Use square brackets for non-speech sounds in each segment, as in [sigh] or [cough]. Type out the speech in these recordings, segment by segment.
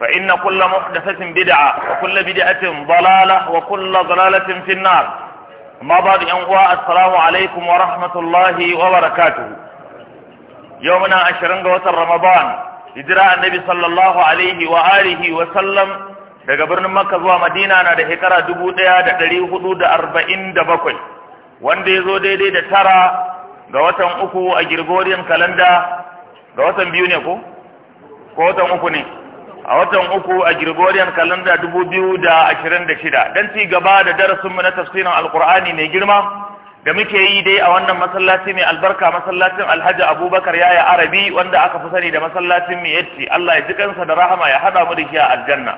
فإن كل محدثة بدعة وكل بدعة ضلالة وكل ضلالة uwa, النار ما بعد ينقوى السلام عليكم ورحمة الله وبركاته يومنا أشرنق وطن رمضان إدراء النبي صلى الله عليه وآله وسلم da gabar maka zuwa madina na da hekara dubu daya da dari hudu da arba'in da bakwai wanda ya zo daidai da tara ga watan uku a girgorian kalanda ga watan biyu ne ko? ko watan uku ne a watan uku a Gregorian calendar shida don ci gaba da darasinmu na tafsirin alkur'ani mai girma da muke yi dai a wannan masallaci mai albarka masallacin alhaji abubakar yaya arabi wanda aka fi sani da masallacin miyatti Allah ya ji kansa da rahama ya hada mu da shi a aljanna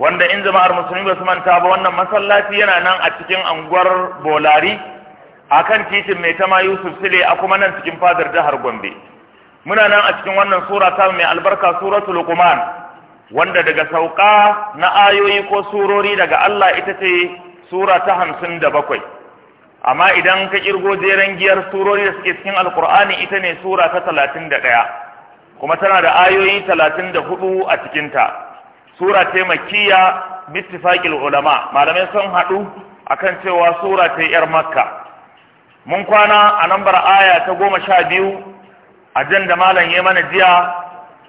wanda in jama'ar musulmi ba su manta ba wannan masallaci yana nan a cikin anguwar bolari a kan titin mai tama yusuf sile a kuma nan cikin fadar jihar gombe muna nan a cikin wannan sura ta mai albarka suratul luqman wanda daga sauka na ayoyi ko surori daga Allah ita ce sura ta hamsin da bakwai amma idan ka kirgo jeren giyar surori da suke cikin alkur'ani ita ne sura ta talatin da ɗaya kuma tana da ayoyi talatin da hudu a cikinta sura ce makiya bittifaqil ulama malamai sun haɗu akan cewa sura ce yar makka mun kwana a nambar aya ta goma sha biyu a jan da malam ya mana jiya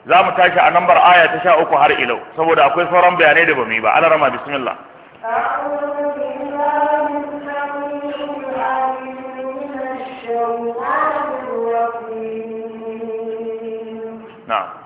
za mu tashi a lambar aya ta sha uku har ilau saboda akwai sauran bayanai da ba mu yi ba alarama bismillah na'am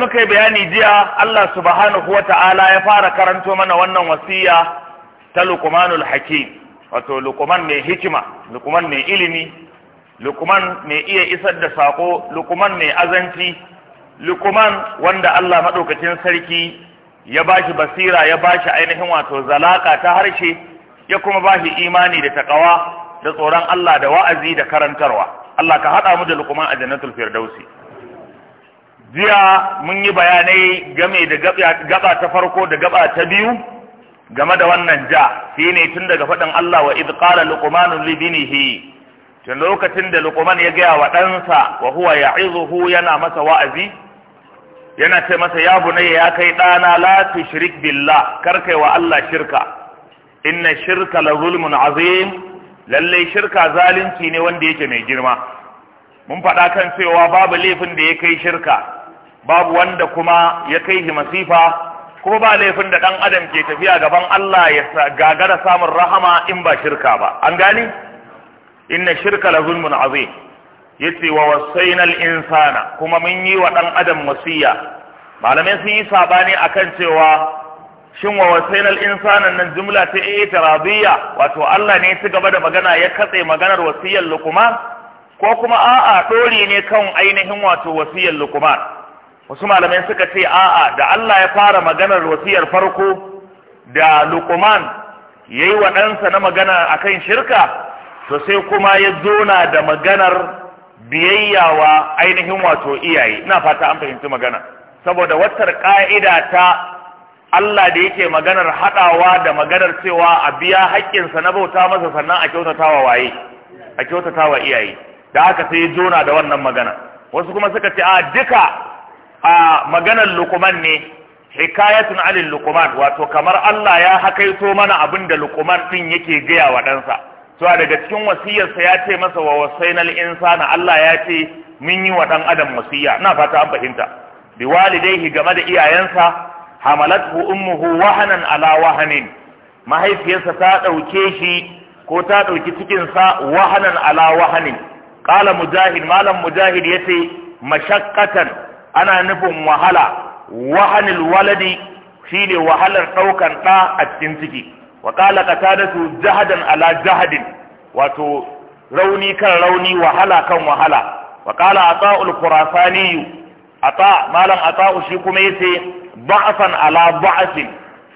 yadda muka yi bayani jiya Allah subhanahu wa ta'ala ya fara karanto mana wannan wasiya ta luqmanul hakim wato lukuman mai hikima lukuman mai ilimi lukuman mai iya isar da sako lukuman mai azanci lukuman wanda Allah maɗaukacin sarki ya bashi basira ya bashi ainihin wato zalaka ta harshe ya kuma bashi imani da takawa da tsoron Allah da wa'azi da karantarwa Allah ka haɗa mu da lukuman a jannatul firdausi jiya mun yi bayanai game da gaba ta farko da gaba ta biyu game da wannan ja shi ne tun daga faɗin Allah wa idh qala luqman li binihi tun lokacin da luqman ya gaya wa ɗansa wa huwa ya'izuhu yana masa wa'azi yana ce masa ya bunayya ya kai ɗana la tushrik billah kar kai wa Allah shirka inna shirka la zulmun azim lalle shirka zalunci ne wanda yake mai girma mun faɗa kan cewa babu laifin da ya kai shirka babu wanda kuma ya kai shi masifa ko ba laifin da ɗan adam ke tafiya gaban Allah ya gagara samun rahama in ba shirka ba an gani inna shirka la zulmun azim yace wa wasainal al insana kuma mun yi wa ɗan adam wasiya malamai sun yi sabani akan cewa shin wa wasainal insanan nan jumla ta itiradiyya wato Allah ne ya gaba da magana ya katse maganar wasiyar lukuman ko kuma a'a dori ne kan ainihin wato wasiyar lukuman wasu malamai suka ce a'a da Allah ya fara maganar wasiyar farko da luqman yayi wa ɗansa na magana akan shirka to sai kuma ya zona da maganar biyayyawa ainihin wato iyaye ina fata an fahimci magana saboda watar ka'ida ta Allah da yake maganar haɗawa da maganar cewa a biya haƙƙinsa na bauta masa sannan a kyautatawa waye a kyautatawa iyaye da aka sai ya jona da wannan magana wasu kuma suka ce a duka a maganar lukuman ne hikayatun alin lukuman wato kamar Allah ya hakaito mana abin da lukuman ɗin yake gaya wa ɗansa cewa daga cikin wasiyarsa ya ce masa wa wasainal insana Allah ya ce mun yi wa ɗan adam wasiya ina fata an fahimta bi walidaihi game da iyayensa hamalathu ummuhu wahanan ala wahanin mahaifiyarsa ta ɗauke shi ko ta ɗauki cikinsa wahanan ala wahanin ƙala mujahid malam mujahid ya ce mashakkatan ana nufin wahala wahanil waladi shine wahalar ɗaukan ɗa a cikin ciki wa qala qatadatu jahadan ala jahadin wato rauni kan rauni wahala kan wahala wa qala ata'ul khurasani ata malam ata'u shi kuma yace ba'san ala ba'sin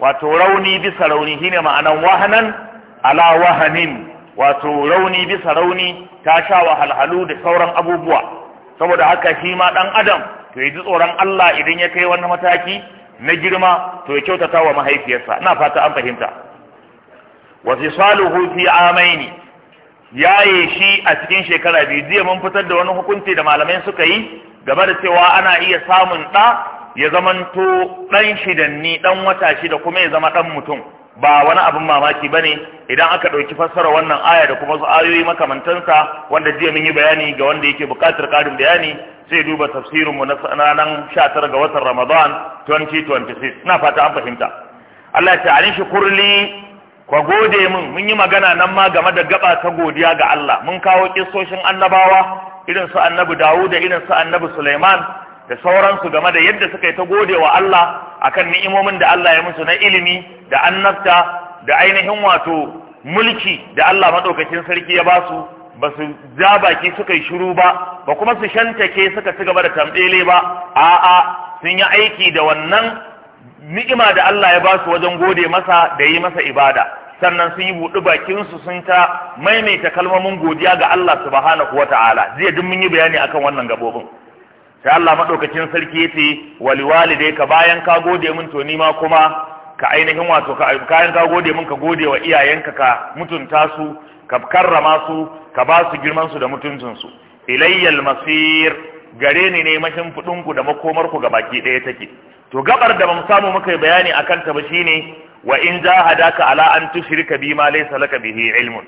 wato rauni bisa rauni shine ma'anan wahanan ala wahanin wato rauni bisa rauni ta sha wahalhalu da sauran abubuwa saboda haka shi ma dan adam to yi tsoron Allah idan ya kai wani mataki na girma to ya kyautata wa mahaifiyarsa ina fata an fahimta Wasu saluhu fi amaini yaye shi a cikin shekara biyu jiya mun fitar da wani hukunci da malamai suka yi gaba da cewa ana iya samun ɗa ya zamanto ɗan shidanni ɗan wata shida kuma ya zama ɗan mutum ba wani abin mamaki ba ne idan aka ɗauki fassara wannan aya da kuma su ayoyi makamantansa wanda jiya mun yi bayani ga wanda yake buƙatar ƙarin bayani sai duba tafsirin mu na ranar 19 ga watan Ramadan 2026 na fata an fahimta Allah ya ce shi kurli ko gode min mun yi magana nan ma game da gaba ta godiya ga Allah mun kawo kissoshin annabawa irin su annabi Dawud da irin su annabi Sulaiman da sauransu game da yadda suka yi ta gode wa Allah akan ni'imomin da Allah ya musu na ilimi da annabta da ainihin wato mulki da Allah madaukakin sarki ya basu ba su ja baki suka yi shiru ba ba kuma su shantake suka ci gaba da tambele ba a'a sun yi aiki da wannan ni'ima da Allah ya basu wajen gode masa da yi masa ibada sannan sun yi buɗi bakinsu sun ta maimaita kalmomin godiya ga Allah subhanahu wata'ala ta'ala jiya duk mun yi bayani akan wannan gabobin sai Allah madaukakin sarki yace wali ka bayan ka gode min to nima kuma ka ainihin wato ka kayan ka gode min ka gode wa iyayenka ka mutunta su ka karrama su ka ba su girman su da mutuncin su ilayyal masir gare ni ne mashin ku da makomar ku baki daya take to gabar da ban samu muka bayani akan ta ba shine wa in jahadaka ala an tushrika bima laysa laka bihi ilmun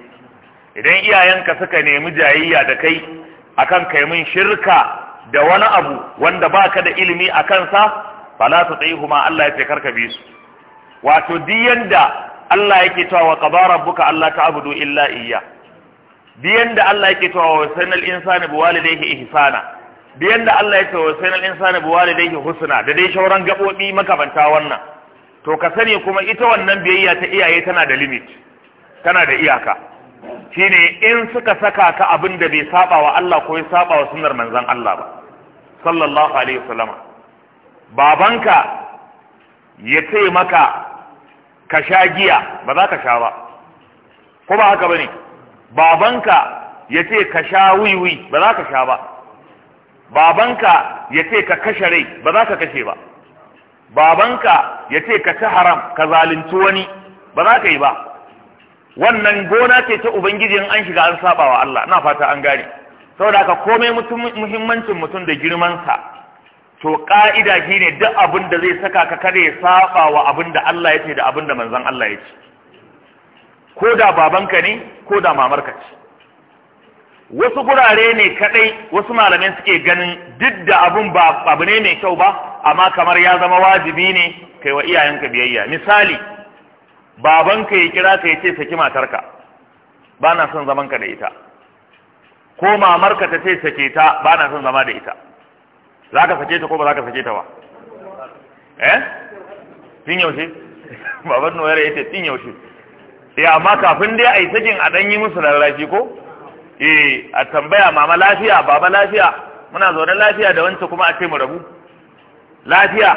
idan iyayenka suka nemi jayayya da kai akan kai mun shirka da wani abu wanda baka da ilimi akan sa fala tutaihuma Allah ya kar ka bi su wato diyan da Allah yake cewa wa qada rabbuka alla ta'budu illa iyya biyan da Allah yake cewa wa sanal insani walidayhi ihsana biyan da Allah ya cewa wa sanal insani walidayhi husna da dai shauran gabobi makabanta wannan to ka sani kuma ita wannan biyayya ta iyaye tana da limit tana da iyaka shine in suka saka ka abin da bai saba wa Allah ko ya saba wa sunnar manzon Allah ba sallallahu alaihi wasallama babanka ya ce maka ka sha giya ba za ka sha ba ko ba haka bane babanka ya ce ka sha wiwi ba za ka sha ba babanka ya ce ka kashe rai ba za ka kashe ba babanka ya ce ka ci haram ka zalunci wani ba za ka yi ba wannan gona ce ta ubangiji an shiga an saba wa Allah ina fata an gane saboda haka komai muhimmancin mutum da girman girmansa to ƙa'ida shi ne duk abin da zai saka ka kare saba wa abin da Allah ya ce da abin da manzan Allah ya ce ko da babanka ne ko da mamarka ce wasu gurare ne kadai wasu malamai suke ganin duk da abin ba abu ne mai kyau ba amma kamar ya zama wajibi ne kai wa iyayenka biyayya misali babanka ya kira ka ya ce saki matarka ba na son zaman ka da ita ko mamarka ta ce sake ta ba na son zama da ita za ka sake ta ko ba za ka sake ta ba eh tun yaushe [laughs] baban noyar ya ce tun yaushe eh amma kafin dai a yi sakin a ɗan yi musu rarrafi ko eh a tambaya mama lafiya baba lafiya muna zaune lafiya da wancan kuma a ce mu rabu lafiya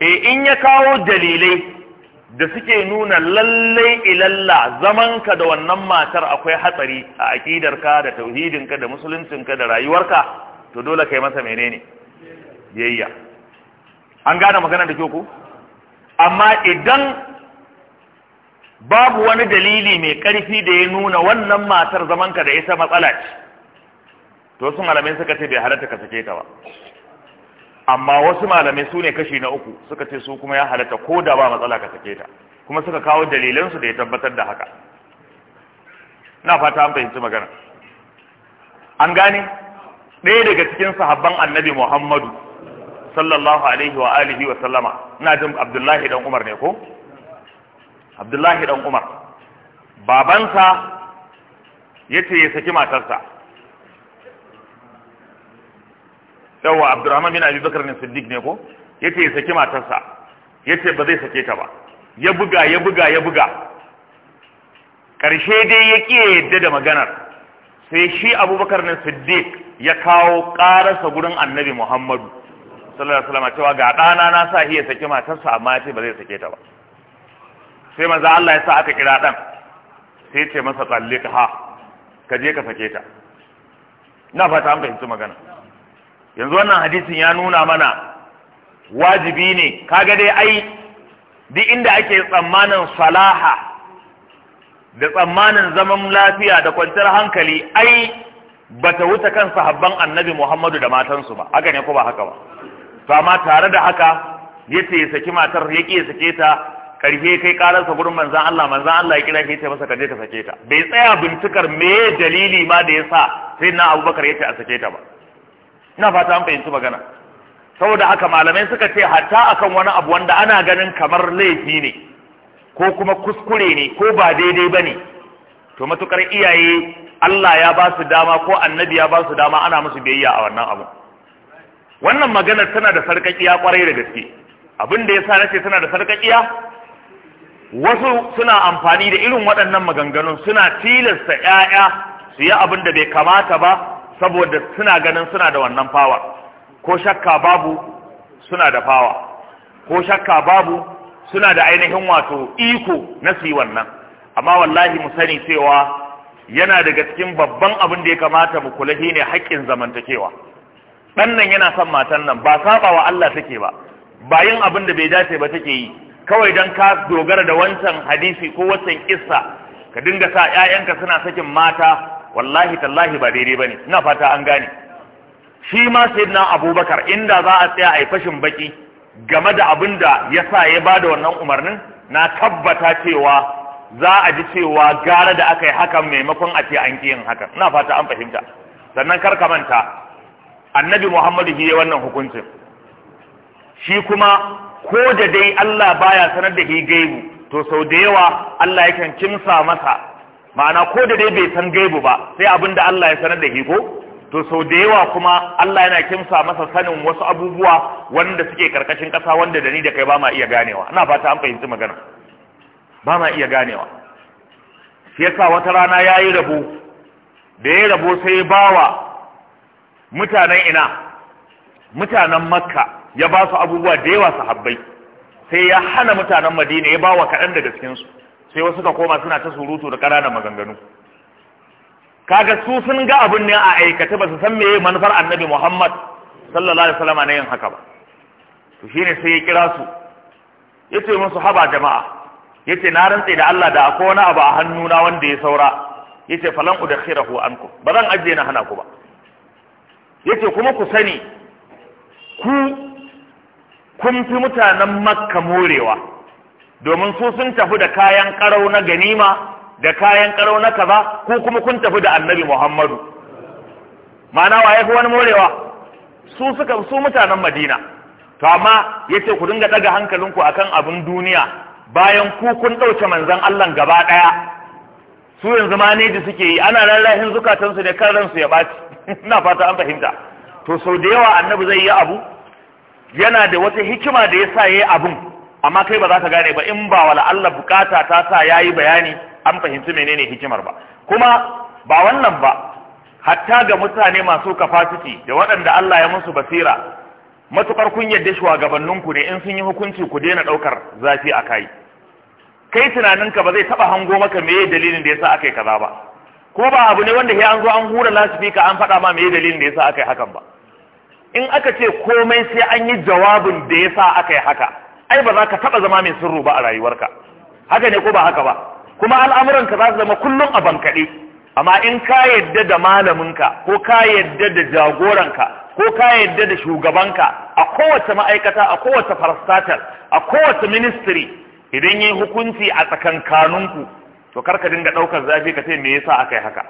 eh in ya kawo dalilai da suke nuna lallai ilalla zamanka da wannan matar akwai hatsari a aƙidarka da tauhidinka da musuluncinka da rayuwarka to dole kai masa menene biyayya an gane magana da kyau ko amma idan babu wani dalili mai karfi da ya nuna wannan matar zamanka da ita matsala ce to sun alamai suka ce bai halatta ka sake ta ba amma wasu malamai su ne kashi na uku suka ce su kuma ya halatta ko da ba matsala ka sake ta kuma suka kawo dalilansu da ya tabbatar da haka na fata an fahimci magana an gane ɗaya daga cikin sahabban annabi muhammadu sallallahu alaihi wa alihi wa sallama ina jin abdullahi dan umar ne ko abdullahi dan umar babansa yace ya saki matarsa yawa abdurrahman bin abi bakar ne siddiq ne ko yace ya saki matarsa yace ba zai sake ta ba ya buga ya buga ya buga karshe dai ya ƙi yadda da maganar sai shi abubakar na siddiq ya kawo ƙararsa gurin annabi muhammadu sallallahu alaihi wasallam cewa ga dana na sa hiya saki matarsa amma ya ce ba zai sake ta ba sai manzo Allah ya sa aka kira dan sai ya ce masa tsalliqha ka je ka sake ta na fata an fahimci magana yanzu wannan hadisin ya nuna mana wajibi ne kaga dai ai duk inda ake tsammanin salaha da tsammanin zaman lafiya da kwanciyar hankali ai bata wuce kan sahabban annabi Muhammadu da matansu ba haka ne ko ba haka ba to amma tare da haka yace ya saki matar ya ya sake ta karfe kai kararsa gurin manzan Allah manzan Allah ya kira shi ta masa je ka sake ta bai tsaya bincikar me dalili ma da yasa sai na Abubakar yace a sake ta ba ina fata an fahimci magana saboda haka malamai suka ce hatta akan wani abu wanda ana ganin kamar laifi ne ko kuma kuskure ne ko ba daidai bane to matukar iyaye Allah ya ba su dama ko annabi ya ba su dama ana musu biyayya a wannan abu wannan maganar tana da sarƙaƙiya kwarai da gaske abin da ya sa nace tana da sarƙaƙiya wasu suna amfani da irin waɗannan maganganun suna tilasta ƴaƴa su yi abin da bai kamata ba saboda suna ganin suna da wannan fawa ko shakka babu suna da fawa ko shakka babu suna da ainihin wato iko na su wannan amma wallahi mu sani cewa yana daga cikin babban abin da ya kamata mu kula shine haƙƙin zamantakewa dan nan yana son matan nan ba saba wa Allah take ba ba yin abin da bai dace ba take yi kawai dan ka dogara da wancan hadisi ko wancan kissa ka dinga sa ƴaƴanka suna sakin mata wallahi tallahi ba daidai bane ina fata an gane shi ma sayyidina Abubakar inda za a tsaya a fashin baki game da abin da ya sa ya bada wannan umarnin na tabbata cewa za a ji cewa gara da aka yi hakan maimakon a ce an ƙi yin hakan ina fata an fahimta sannan kar ka manta annabi muhammadu shi wannan hukuncin shi kuma ko da dai Allah baya sanar da shi gaibu to sau da yawa Allah yakan kimsa masa ma'ana ko da dai bai san gaibu ba sai abin da Allah ya sanar da shi ko to sau da yawa kuma Allah yana kimsa masa sanin wasu abubuwa wanda suke karkashin kasa wanda da ni da kai ba ma iya ganewa ina fata an fahimci magana ba ma iya ganewa shi yasa wata rana ya yi rabo da ya rabo sai ya bawa mutanen ina mutanen makka ya ba su abubuwa da yawa Habbai. sai ya hana mutanen madina ya ba wa kaɗan daga cikinsu sai wasu ka koma suna ta surutu da ƙananan maganganu kaga su sun ga abin ne a aikata ba su san meye manufar annabi muhammad sallallahu alaihi wasallam na yin haka ba to shine sai ya kira su yace musu haba jama'a yace na rantse da Allah da akwai wani abu a hannuna wanda ya saura yace falan udakhirahu ankum ba zan ajiye na hana ku ba yace kuma ku sani ku kun fi mutanen makka morewa domin su sun tafi da kayan karau na ganima da kayan karau na kaza ku kuma kun tafi da annabi muhammadu ma'ana wa yafi wani morewa su suka su mutanen madina to amma yace ku dinga daga hankalinku akan abin duniya bayan ku kun ɗauke manzon Allah gaba ɗaya su yanzu maneji suke yi ana lallahin zukatansu da kan ransu ya baci [laughs] ina fata an fahimta to sau da yawa annabi zai yi abu yana da wata hikima da ya sa ya yi abun amma kai ba za ka gane ba in ba wala Allah bukata ta sa ya yi bayani an fahimci menene hikimar ba kuma ba wannan ba hatta ga mutane masu kafasiti da waɗanda Allah ya musu basira matukar kun yadda shugabanninku ne in sun yi hukunci ku daina ɗaukar zafi a kai kai tunaninka ba zai taba hango maka meye dalilin da yasa akai kaza ba ko ba abu ne wanda sai an zo an hura lasifika an faɗa ma meye dalilin da yasa aka yi hakan ba in aka ce komai sai an yi jawabin da yasa aka yi haka ai ba za ka taba zama mai sirru ba a rayuwarka haka ne ko ba haka ba kuma al'amuran ka za su zama kullum a bankaɗe amma in ka yadda da malaminka ko ka yadda da jagoranka ko ka yadda da shugabanka a kowace ma'aikata a kowace farastatar a kowace ministry idan yayi hukunci a tsakankaninku to karka dinga daukar zafi ka ce me yasa akai haka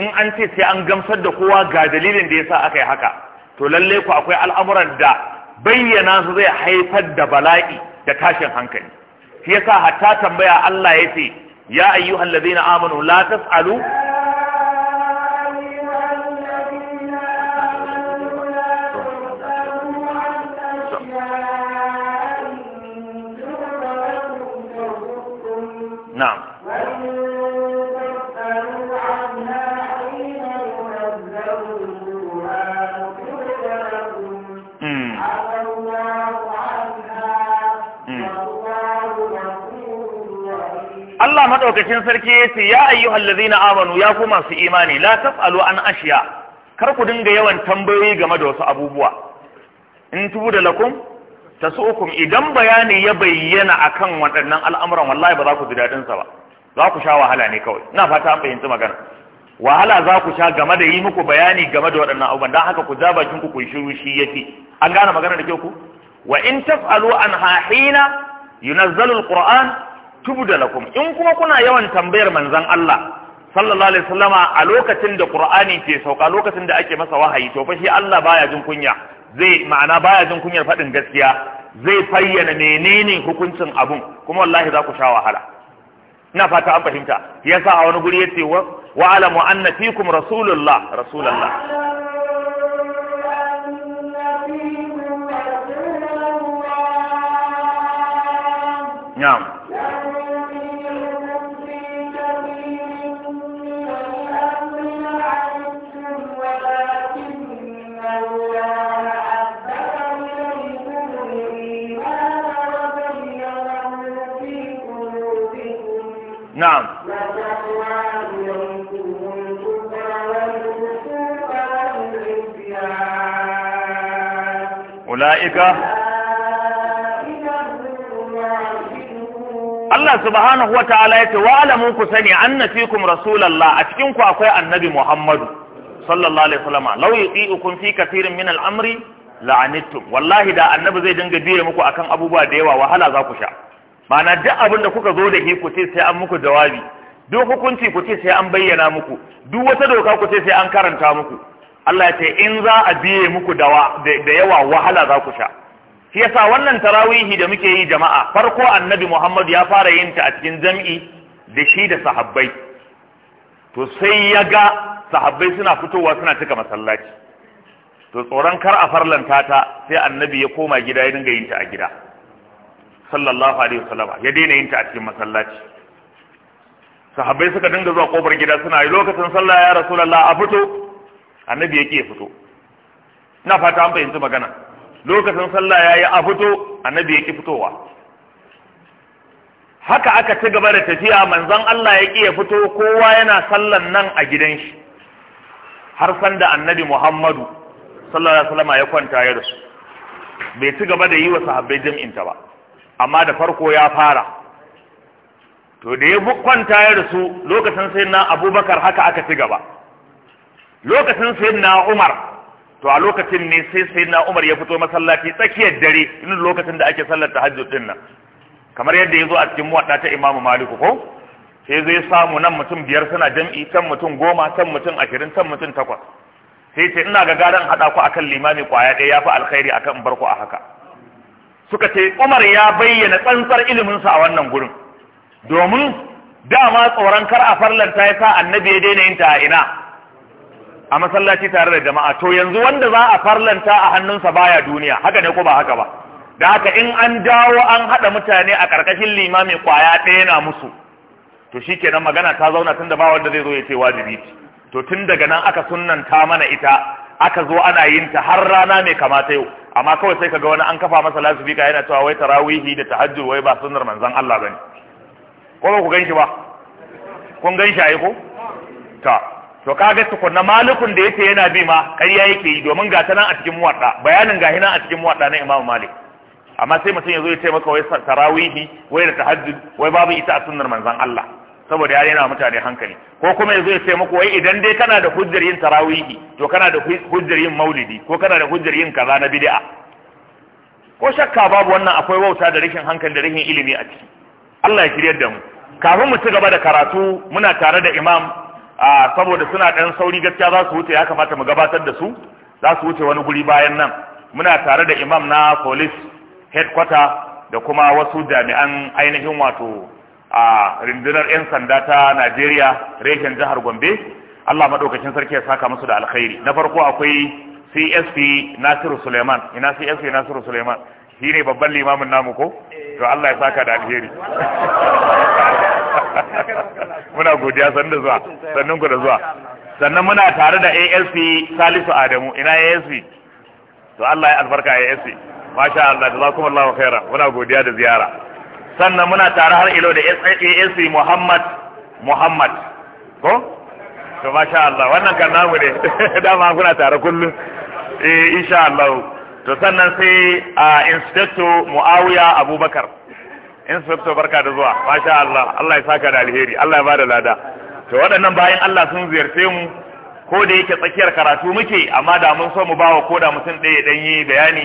in an ce sai an gamsar da kowa ga dalilin da yasa akai haka to lalle ku akwai al'amuran da bayyana su zai haifar da bala'i da tashin hankali shi yasa hatta tambaya Allah ya ce ya ayyuhallazina amanu la tasalu madaukakin sarki ya ce ya ayyuhal na amanu ya ku masu imani la tasalu an ashiya kar ku dinga yawan tambayoyi game da wasu abubuwa in tubu da lakum tasukum idan bayani ya bayyana akan waɗannan al'amuran wallahi ba za ku ji dadin sa ba za ku sha wahala ne kawai ina fata an fahimci magana wahala za ku sha game da yi muku bayani game da waɗannan abubuwan don haka ku ja bakin ku ku shiru shi yafi an gane magana da kyau ku wa in tasalu an hahina yunazzalu Qur'an? tubda lakum in kuma kuna yawan tambayar manzon Allah sallallahu alaihi wasallama a lokacin da Qur'ani ke sauka lokacin da ake masa wahayi to fa shi Allah baya jin kunya zai ma'ana baya jin kunyar faɗin gaskiya zai fayyana menene hukuncin abun kuma wallahi za ku sha wahala ina fata an fahimta yasa a wani guri yace wa alamu anna fikum rasulullah rasulullah Na'am. na'am ula'ika Allah subhanahu wa ta'ala ya ce wa alamun ku sani anna fikum rasulallah a cikin ku akwai annabi Muhammadu sallallahu alaihi wasallam law fi kathirin min al-amri la'anittum wallahi da annabi zai dinga biye muku akan abubuwa da yawa wahala za ku sha mana duk abin da kuka zo da shi ku ce sai an muku jawabi duk hukunci ku ce sai an bayyana muku duk wata doka ku ce sai an karanta muku Allah ya ce in za a biye muku da yawa wahala za ku sha shi yasa wannan tarawihi da muke yi jama'a farko annabi Muhammad ya fara yin ta a cikin jam'i da shi da sahabbai to sai ya ga sahabbai suna fitowa suna cika masallaci to tsoron kar a farlanta ta sai annabi ya koma gida ya dinga yin ta a gida sallallahu alaihi wasallama ya daina yin ta a cikin masallaci sahabbai suka dinga zuwa kofar gida suna yi lokacin sallah ya rasulullah a fito annabi yake fito ina fata an fahimci magana lokacin sallah yayi a fito annabi yake fitowa haka aka ci gaba da tafiya manzon Allah ya ya fito kowa yana sallan nan a gidan shi har sanda annabi Muhammadu sallallahu alaihi wasallama ya kwanta ya rasu bai ci gaba da yi wa sahabbai jam'in ta ba amma da farko ya fara to da ya kwanta ya rasu lokacin sai na abubakar haka aka ci gaba lokacin sai na umar to a lokacin ne sai sai na umar ya fito masallaci tsakiyar dare inda lokacin da ake sallar tahajjud din nan kamar yadda ya zo a cikin muwadda ta imamu maliku ko sai zai samu nan mutum biyar suna jam'i can mutum goma can mutum ashirin can mutum takwas sai ce ina ga garan haɗa ku akan limami kwaya ɗaya yafi alkhairi akan barku a haka suka ce Umar ya bayyana tsantsar iliminsa a wannan gurin domin dama tsoron kar a farlanta ya sa annabi ya daina yin ta a ina a masallaci tare da jama'a to yanzu wanda za a farlanta a hannunsa baya duniya haka ne ko ba haka ba da haka in an dawo an haɗa mutane a ƙarƙashin limami kwaya ɗaya na musu to shi kenan magana ta zauna tunda da ba wanda zai zo ya ce wajibi to tun daga nan aka sunnanta mana ita aka zo ana yin ta har rana mai kamata yau amma kawai sai kaga wani an kafa masa lasifika yana cewa wai tarawihi da tahajjud wai ba sunnar manzon Allah bane ko ba ku ganshi ba kun ganshi ai ko ta to kaga na malikun da yake yana bi ma ƙarya yake yi domin ga tana a cikin muwadda bayanin ga hina a cikin muwadda na Imam Malik amma sai mutum ya zo ya ce maka wai tarawihi wai da tahajjud wai babu ita a sunnar manzon Allah saboda ya rena mutane hankali ko kuma yazo ya ce muku wai idan dai kana da hujjar yin tarawihi to kana da hujjar yin maulidi ko kana da hujjar yin kaza na bid'a ko shakka babu wannan akwai wauta da rashin hankali da rashin ilimi a ciki Allah ya shiryar da mu kafin mu ci gaba da karatu muna tare da imam saboda suna dan sauri gaskiya za su wuce ya kamata mu gabatar da su za su wuce wani guri bayan nan muna tare da imam na police headquarter da kuma wasu jami'an ainihin wato a rundunar 'yan sanda ta Najeriya reshen jihar Gombe Allah maɗaukacin sarki ya saka musu da alkhairi na farko akwai CSP Nasiru Suleiman ina CSP Nasiru Suleiman shi ne babban limamin namu ko to Allah ya saka da alheri [laughs] muna godiya sannan da zuwa sannan ku da zuwa sannan muna tare da ASP Salisu Adamu ina ASP to Allah ya albarka ASP masha Allah jazakumullahu khairan muna godiya da ziyara sannan muna tare har ilo da SAAC Muhammad Muhammad ko to masha Allah wannan kan namu ne [laughs] dama kuna tare kullum eh insha Allah to sannan sai a inspector Muawiya Abubakar inspector barka da zuwa masha Allah Allah ya saka da alheri Allah ya bada lada to waɗannan bayan Allah sun ziyarce mu ko da yake tsakiyar karatu muke amma da mun so mu bawa koda mutum ɗaya dan yi bayani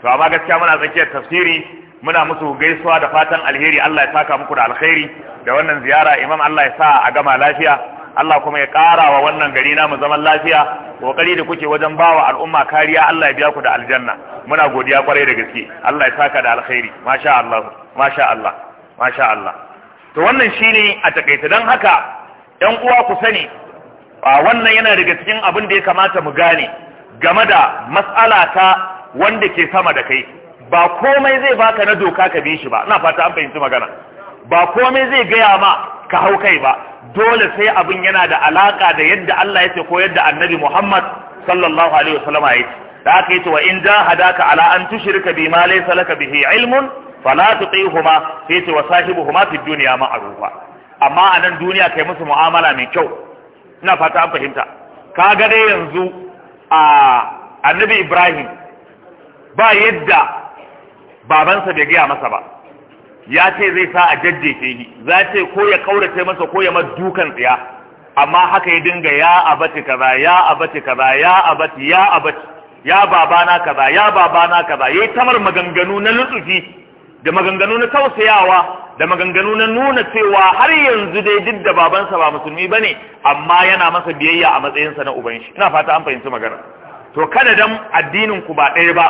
to amma gaskiya muna tsakiyar tafsiri muna musu gaisuwa da fatan alheri Allah ya saka muku da alheri da wannan ziyara imam Allah ya sa a gama lafiya Allah kuma ya ƙara wa wannan gari namu zaman lafiya Ƙoƙari da kuke wajen bawa al'umma kariya Allah ya biya ku da aljanna muna godiya kwarai da gaske Allah ya saka da alheri masha Allah masha Allah masha Allah to wannan shine a takaice dan haka ƴan uwa ku sani wannan yana daga cikin abin da ya kamata mu gane game da mas'ala ta wanda ke sama da kai ba komai zai baka na doka ka bi shi ba ina fata an fahimci magana ba komai zai gaya ma ka hau kai ba dole sai abin yana da alaka da yadda Allah ya ce ko yadda Annabi Muhammad sallallahu alaihi wasallam ya da aka yi wa in da hadaka ala an tushrika bima laysa laka bihi ilmun fala tuqihuma sai ce wa sahibuhuma fi dunya ma'rufa amma a nan duniya kai musu mu'amala mai kyau ina fata an fahimta ka ga dai yanzu a Annabi Ibrahim ba yadda babansa bai gaya masa ba ya ce zai sa a jajjefe shi za ce ko ya kaurace masa ko ya dukan tsiya amma haka ya dinga ya abati kaza ya abati kaza ya abati ya abati ya babana kaza ya babana kaza yayi tamar maganganu na lutsufi da maganganu na tausayawa da maganganu na nuna cewa har yanzu dai duk da babansa ba musulmi bane amma yana masa biyayya a matsayinsa na uban shi ina fata an fahimci magana to kada dan addinin ku ba ɗaya ba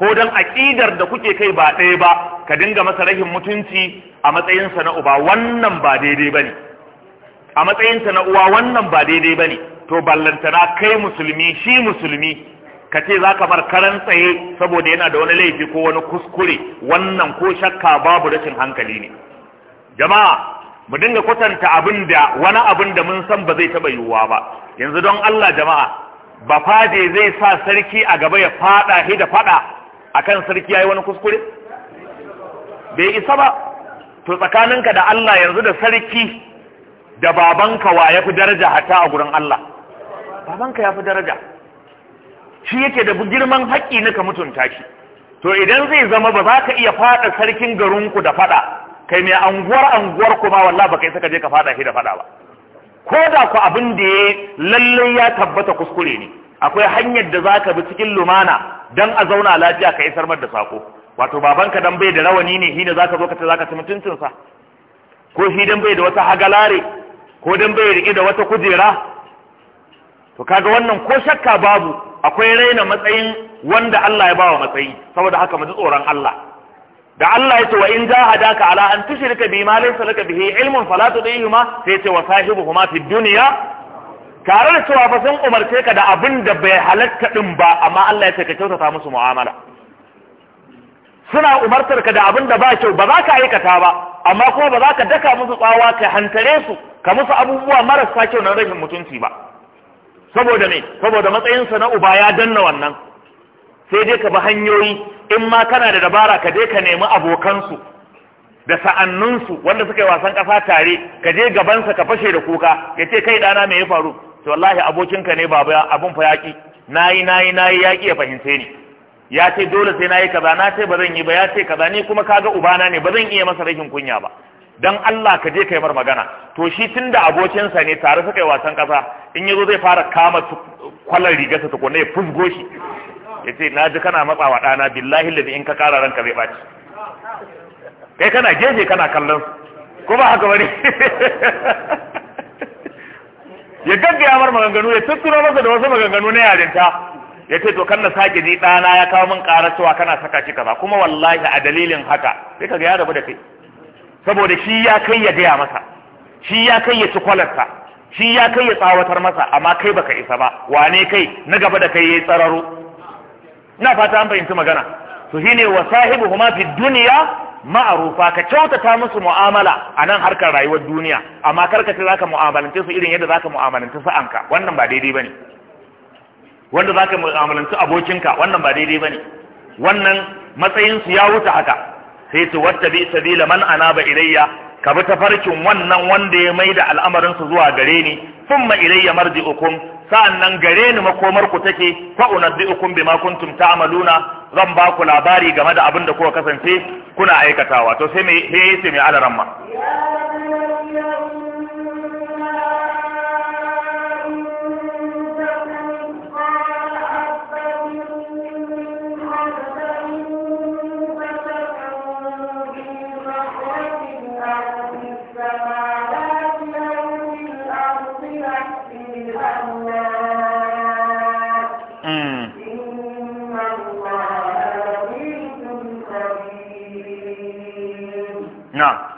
ko don aƙidar da kuke kai ba ɗaya ba ka dinga masa rahin mutunci a matsayinsa na uba wannan ba daidai ba ne a matsayin na uwa wannan ba daidai ba ne to ballantana kai musulmi shi musulmi ka ce za ka bar karan tsaye saboda yana da wani laifi ko wani kuskure wannan ko shakka babu rashin hankali ne jama'a mu dinga kwatanta abin da wani abin da mun san ba zai taɓa yiwuwa ba yanzu don allah jama'a ba faje zai sa sarki a gaba ya faɗa shi da fada akan sarki yayi wani kuskure bai isa ba to tsakaninka da Allah yanzu da sarki da babanka wa yafi daraja Hata a gurin Allah babanka yafi daraja shi yake da girman haƙƙi na ka mutunta shi to idan zai zama ba za ka iya fada sarkin garinku da fada kai mai anguwar anguwar kuma wallah ba kai saka je ka fada shi da fada ba ko da ku abin da ya lallai ya tabbata kuskure ne akwai hanyar da za ka bi cikin lumana don a zauna lafiya ka isar mar da sako wato babanka dan bai da rawani ne shi ne za ka zo ka ta za ka ci mutuncinsa ko shi dan bai da wata hagalare ko dan bai riƙe da wata kujera to kaga wannan ko shakka babu akwai raina matsayin wanda Allah ya bawa matsayi saboda haka mu ji tsoron Allah da Allah ya ce wa in jahadaka ala an tushrika bi ma laysa laka bihi ilmun fala sai ce wa sahibuhuma fid dunya tare da cewa ba sun umarce ka da abin da bai halatta din ba amma Allah ya ce ka kyautata musu mu'amala suna umartar ka da abin da ba kyau ba za ka aikata ba amma kuma ba za ka daka musu tsawa ka hantare su ka musu abubuwa marasa kyau na rashin mutunci ba saboda me saboda sa na uba ya danna wannan sai dai ka bi hanyoyi in ma kana da dabara ka je ka nemi abokansu da sa'annunsu wanda suka yi wasan ƙasa tare ka je gabansa ka fashe da kuka ya ce kai ɗana me ya faru to wallahi abokinka ne baba abun fa yaki nayi nayi nayi yaki ya fahimce ni ya ce dole sai nayi kaza na ce bazan yi ba ya ce kaza ni kuma kaga ubana ne ba zan iya masa rashin kunya ba dan Allah ka je kai mar magana to shi tunda abokinsa ne tare suka yi wasan kasa in yazo zai fara kama kwallon rigarsa ta ya fusgo shi ya ce na ji kana matsa wa ɗana billahi da in ka ƙara ranka zai ɓaci kai kana gefe kana kallon ko ba haka bane [laughs] ya gaggaya mar maganganu ya tuttura masa da wasu maganganu na yarinta ya ce to kan na sake ji ɗana ya kawo min ƙarar cewa kana saka shi kaza kuma wallahi a dalilin haka sai kaga ya rabu da kai saboda shi ya kai ya gaya masa shi ya kai ya ci shi ya kai ya tsawatar masa amma kai baka isa ba wane kai na gaba da kai ya yi tsararo ina fata an fahimci magana to shine wa huma fi duniya. ma'arufa ka kyautata musu mu'amala a nan harkar rayuwar duniya amma karka ce ka mu'amalance su irin yadda za ka mu'amalance sa'anka wannan ba daidai ba ne. wanda za ka mu'amalance abokinka wannan ba daidai ba ne. wannan matsayinsu ya wuce haka sai su bi sabila man ba ilayya ka bi tafarkin wannan wanda ya maida al'amarin su zuwa gare ni thumma ilayya marji'ukum sa'annan gare ni makomar ku take fa unabbi'ukum bima kuntum ta'maluna zan ba ku labari game da abin da kuka kasance kuna aikatawa to sai me sai me ma na'am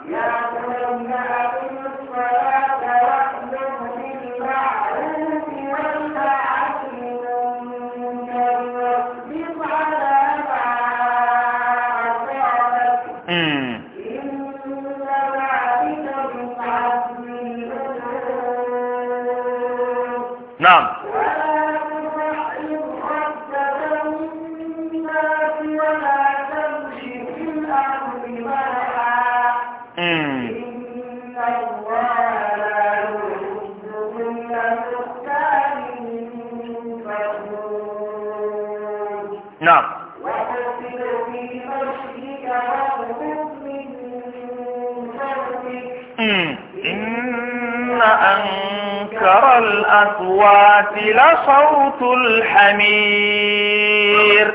إِنَّ أَنكَرَ الْأَصْوَاتِ لَصَوْتُ الْحَمِيرِ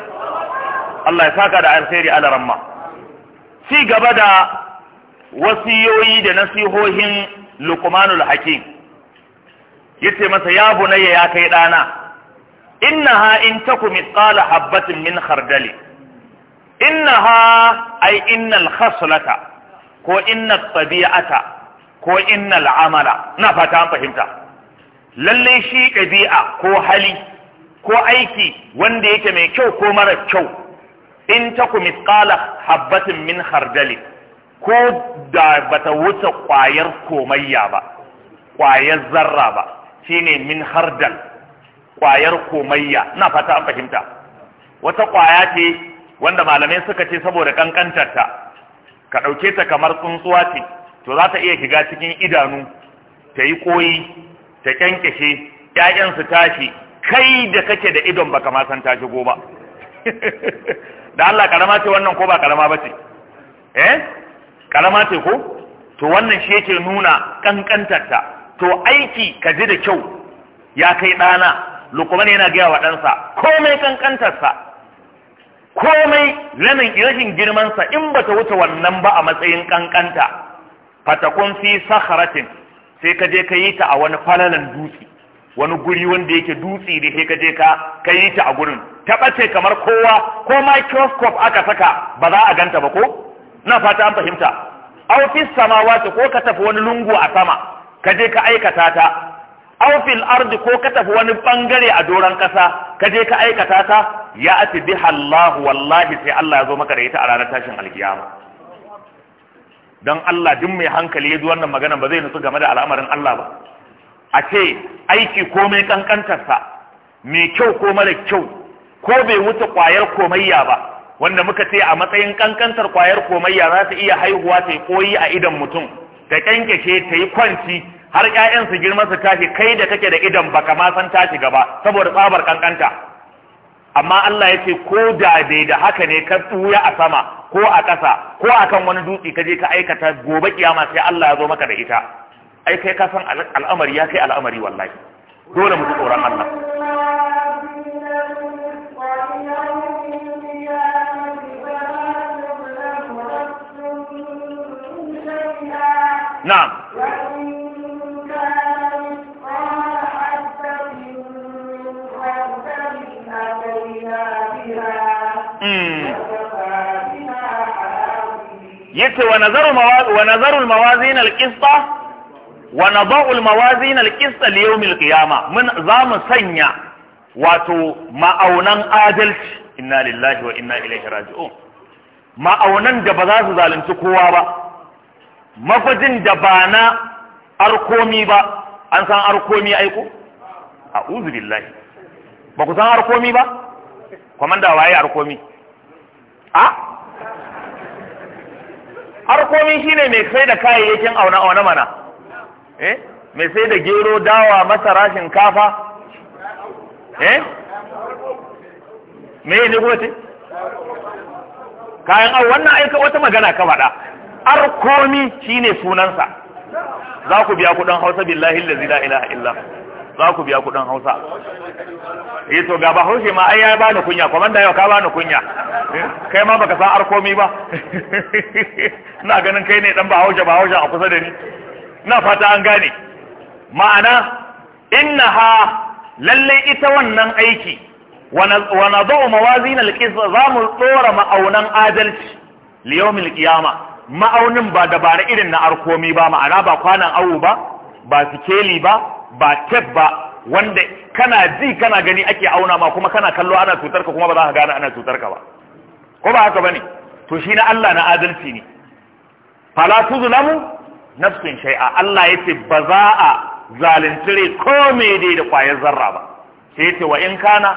Allah ya saka da alheri a daren ma, ci gaba da wasiyoyi da nasihohin lukumanul hakim, yace masa ya bunaye ya kai ɗana, inna ha in ta kumi habbatin min hardali, inna ha ai inna alhassulata. ko inna tabi'ata ko inna amala na fata an fahimta lalle shi ɗabi'a ko hali ko aiki wanda yake mai kyau ko mara kyau in ta ku misqala habbatin min hardali ko da bata wuce ƙwayar komayya ba kwayar zarra ba shine min hardal ƙwayar komayya na fata an fahimta wata ƙwaya ce wanda malamai suka ce saboda kankantarta ka ɗauke ta kamar tsuntsuwa ce to za ta iya shiga cikin idanu ta yi koyi ta kyankyashe ƴaƴan su tashi kai da kake da idon baka ma san tashi goma. ba [laughs] da Allah karama ce wannan ko ba karama ba ce eh karama ce ko to wannan shi yake nuna kankantarta to aiki ka ji da kyau ya kai ɗana ne yana gaya wa ɗansa komai kankantarsa komai ranin rashin girmansa in bata wuce wannan ba a matsayin kankanta fatakun fi saharatin sai ka je ka yi ta a wani falalan dutse wani guri wanda yake dutse da sai ka je ka yi ta a gurin ta bace kamar kowa ko microscope aka saka ba za a ganta ba ko na fata an fahimta aw fi samawati ko ka tafi wani lungu a sama ka je ka aikata ta aw ardi ko ka tafi wani bangare a doron kasa ka je ka aikata ta ya ati biha Allah wallahi sai Allah ya zo maka da ita a ranar tashin alkiyama don Allah duk mai hankali ya ji wannan magana ba zai nutsu game da al'amarin Allah ba a ce aiki komai kankantarsa mai kyau ko mara kyau ko bai wuce kwayar komayya ba wanda muka ce a matsayin kankantar kwayar komayya za ta iya haihuwa ta yi koyi a idan mutum ta kyankyashe ta yi kwanci har ƴaƴansu girma su tashi kai da kake da idan baka ma san tashi gaba saboda tsabar kankanta amma Allah ya ce ko da dai da haka ne ka tsuya a sama ko a ƙasa ko a kan wani dutse ka je ka aikata gobe kiyama sai Allah ya zo maka da ita ai kai ka san al'amari ya kai al'amari wallahi dole mu tsoron Allah na'am yace wa nazaru mawazi wa nazaru almawazin alqista wa nadau almawazin alqista li yawm alqiyama mun za mu sanya wato ma'aunan adalci inna lillahi wa inna ilaihi raji'un ma'aunan da ba za su zalunci kowa ba mafajin da ba na arkomi ba an san arkomi aiko a'udhu billahi ba ku san arkomi ba komanda waye arkomi a arkomi shine mai sai da kayayyakin auna auna mana eh mai sai da gero dawa masara shinkafa eh me ne ce kayan au wannan aika wata magana ka faɗa arkomi shine sunansa za ku biya kuɗin hausa billahi la ilaha illa za ku biya kuɗin hausa eh to ga Hausa ma ai ya bani kunya kwamanda yau ka bani kunya kai ma baka san arkomi ba [laughs] ina ganin kai ne dan ba haushe a kusa da ni ina fata an gane ma'ana ha lalle ita wannan aiki wa nadu mawazin alqis za mu tsora ma'aunan adalci liyawmil qiyama ma'aunin ba da dabara irin na arkomi ba ma'ana ba kwanan awu ba ba sikeli ba ba tef ba wanda kana ji kana gani ake auna ma kuma kana kallo ana cutar ka kuma ba za ka gane ana cutar ka ba ko ba haka bane to shi na Allah na adalci ne fala tuzlamu nafsun shay'a Allah yace ba za a zalunci rai ko me dai da kwayar zarra ba sai yace wa in kana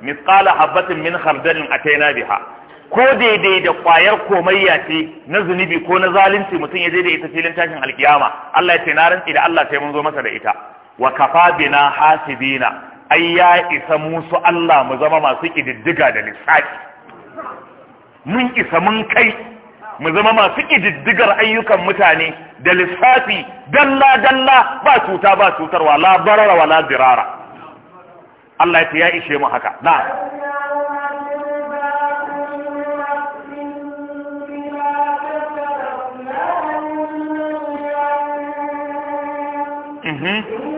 mithqala habatin min khardalin ataina biha ko daidai da kwayar komayya ce na zunubi ko na zalunci mutum ya je da ita filin tashin alkiyama Allah ya ce na rantsi da Allah sai mun zo masa da ita wa kafa bina hasibina ai ya isa musu Allah mu zama masu ƙididdiga da lissafi mun isa mun kai mu zama masu ƙididdigar ayyukan mutane da lissafi dalla dalla ba cuta ba cutarwa la barara wa la dirara Allah ya ishe mu haka na. Mm-hmm.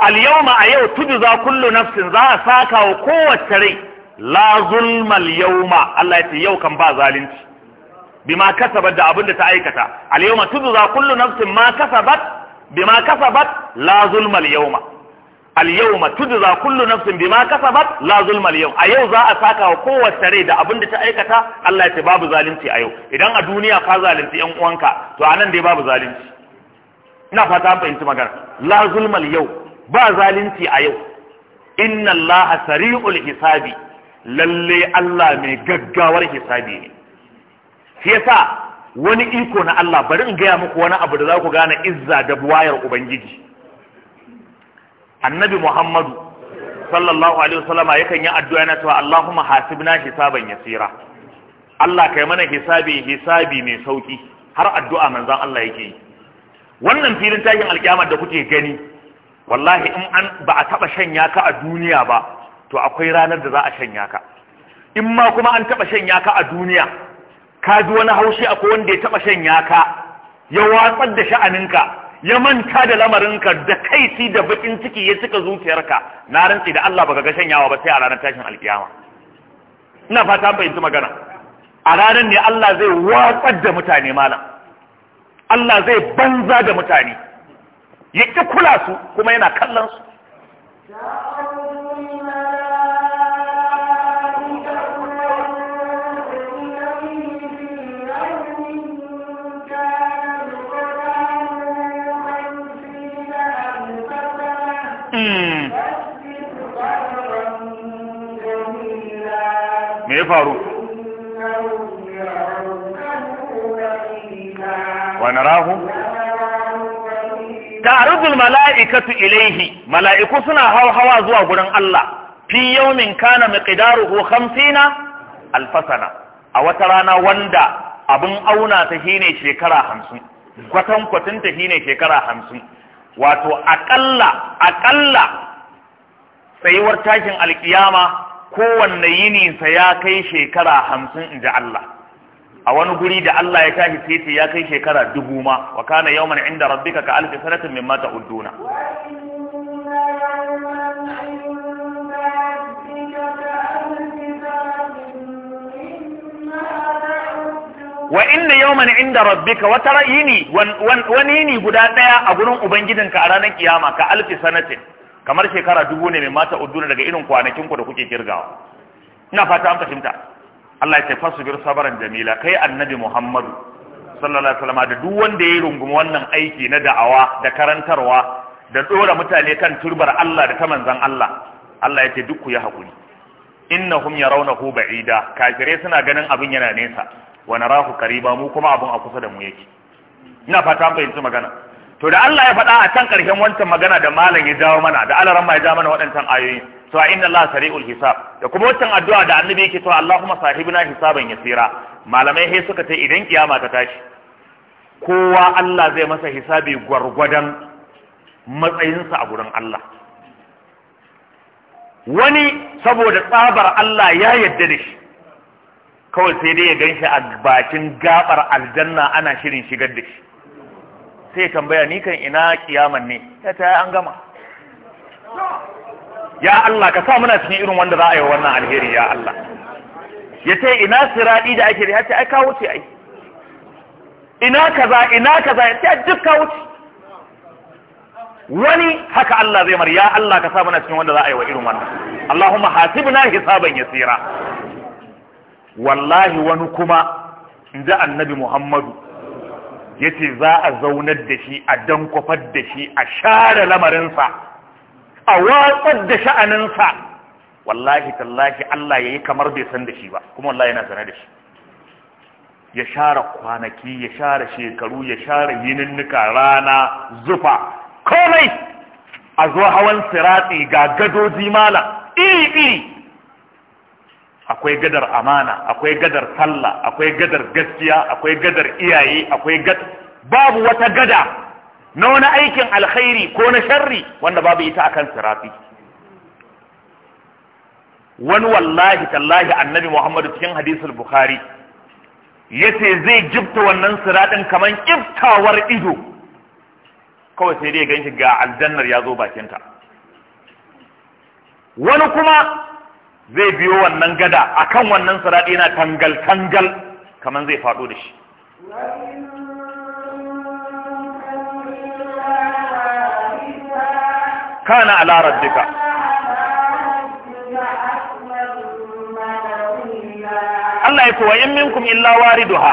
al-yawma a yau za kullu nafsin za a saka wa kowace rai la zulma al-yawma Allah ya ce yau kan ba zalunci bima kasabat da abinda ta aikata al-yawma za kullu nafsin ma kasabat bima kasabat la zulma al-yawma al-yawma za kullu nafsin bima kasabat la zulma al-yawm a yau za a saka wa kowace rai da abinda ta aikata Allah ya ce babu zalunci a yau idan a duniya ka zalunci yan uwanka to anan dai babu zalunci ina fata an fahimci magana la zulmal yau ba zalunci a yau inna allaha sari'ul hisabi lalle Allah mai gaggawar hisabi ne shi yasa wani iko na Allah bari in gaya muku wani abu da za ku gane izza da buwayar ubangiji annabi Muhammadu sallallahu alaihi wasallama yakan yi addu'a na cewa Allahumma hasibna hisaban yasira Allah kai mana hisabi hisabi mai sauki har addu'a manzon Allah yake yi wannan filin tashin alkiyama da kuke gani wallahi in an ba a taba shanya ka a duniya ba to akwai ranar da za a shanya ka in ma kuma an taba shanya ka a duniya ka ji wani haushi akwai wanda ya taba shanya ka ya watsar da sha'aninka ya manta da lamarinka da kai kaici da bakin ciki ya cika zuciyarka na rantsi da Allah baka ga shanyawa ba sai a ranar tashin alkiyama ina fata ji magana a ranar ne Allah zai watsar da mutane malam Allah zai banza da mutane ya ƙi kula su kuma yana kallon su hmm. Me ya faru? ونراه ta'arudul mala'ikatu ilaihi mala'iku suna hawa zuwa gurin Allah fi yawmin kana miqdaruhu 50 alfasana a wata rana wanda abun auna ta shine shekara 50 kwatan kwatin ta shine shekara 50 wato akalla akalla tsayuwar tashin alkiyama kowanne yini sa ya kai shekara 50 inji Allah a wani guri da Allah ya tashi titi ya kai shekara dubu ma wa kana yawman inda rabbika ka alfi sanatin mimma ta'udduna wa inna yawman inda rabbika wata ra'ini wani yini guda daya a gurin ubangijinka a ranar kiyama ka alfi sanatin kamar shekara dubu ne mai mata uduna daga irin kwanakin ku da kuke kirgawa ina fata an fahimta Allah ya ce bir sabaran jamila kai annabi Muhammadu sallallahu alaihi wasallam da duk wanda ya rungumi wannan aiki na da'awa da karantarwa da dora mutane kan turbar Allah da ta manzon Allah Allah ya ce duk ku yi hakuri innahum yarawnahu ba'ida kafirai suna ganin abin yana nesa wa narahu qariba mu kuma abin a kusa da mu yake ina fata an fahimci magana to da Allah ya faɗa a can ƙarshen wancan magana da malam ya jawo mana da alaran ma ya jawo mana waɗancan ayoyin cewa inna Allah sari'ul hisab da kuma wancan addu'a da annabi yake cewa Allahumma sahibna hisaban yasira malamai sai suka ce idan kiyama ta tashi kowa Allah zai masa hisabi gwargwadon matsayinsa a gurin Allah wani saboda tsabar Allah ya yadda da shi kawai sai dai ya gan shi a bakin gabar aljanna ana shirin shigar da shi sai tambaya ni kan ina kiyaman ne ya ta an gama ya Allah ka sa muna cikin irin wanda za a yi wannan alheri ya Allah ya ce ina siradi da ake ya ce ai ka wuce ai ina kaza ina kaza ya ce duk ka wuce wani haka Allah zai mar ya Allah ka sa muna cikin wanda za a yi wa irin wannan Allahumma hasibna hisaban yasira wallahi wani kuma in ji annabi Muhammadu ya ce za a zaunar da shi a dankwafar da shi a share lamarinsa a watsar da sha'aninsa wallahi tallahi Allah ya yi kamar bai san da shi ba kuma wallahi yana sanar da shi ya share kwanaki ya share shekaru ya share yininnika rana zufa komai a zo hawan siratsi ga gado mala iri-iri akwai gadar amana akwai gadar sallah akwai gadar gaskiya akwai gadar iyaye akwai gad babu wata gada na wani aikin alkhairi ko na sharri wanda babu ita akan sirafi wani wallahi tallahi annabi muhammadu cikin hadisul bukhari ce zai jibta wannan siratin kaman iftawar ido kawai sai dai ganshi ga aljannar ya zo bakinta wani kuma zai biyo wannan gada akan wannan sirati yana tangal tangal kaman zai faɗo da shi kana ala rabbika Allah ya kuwa in minkum illa wariduha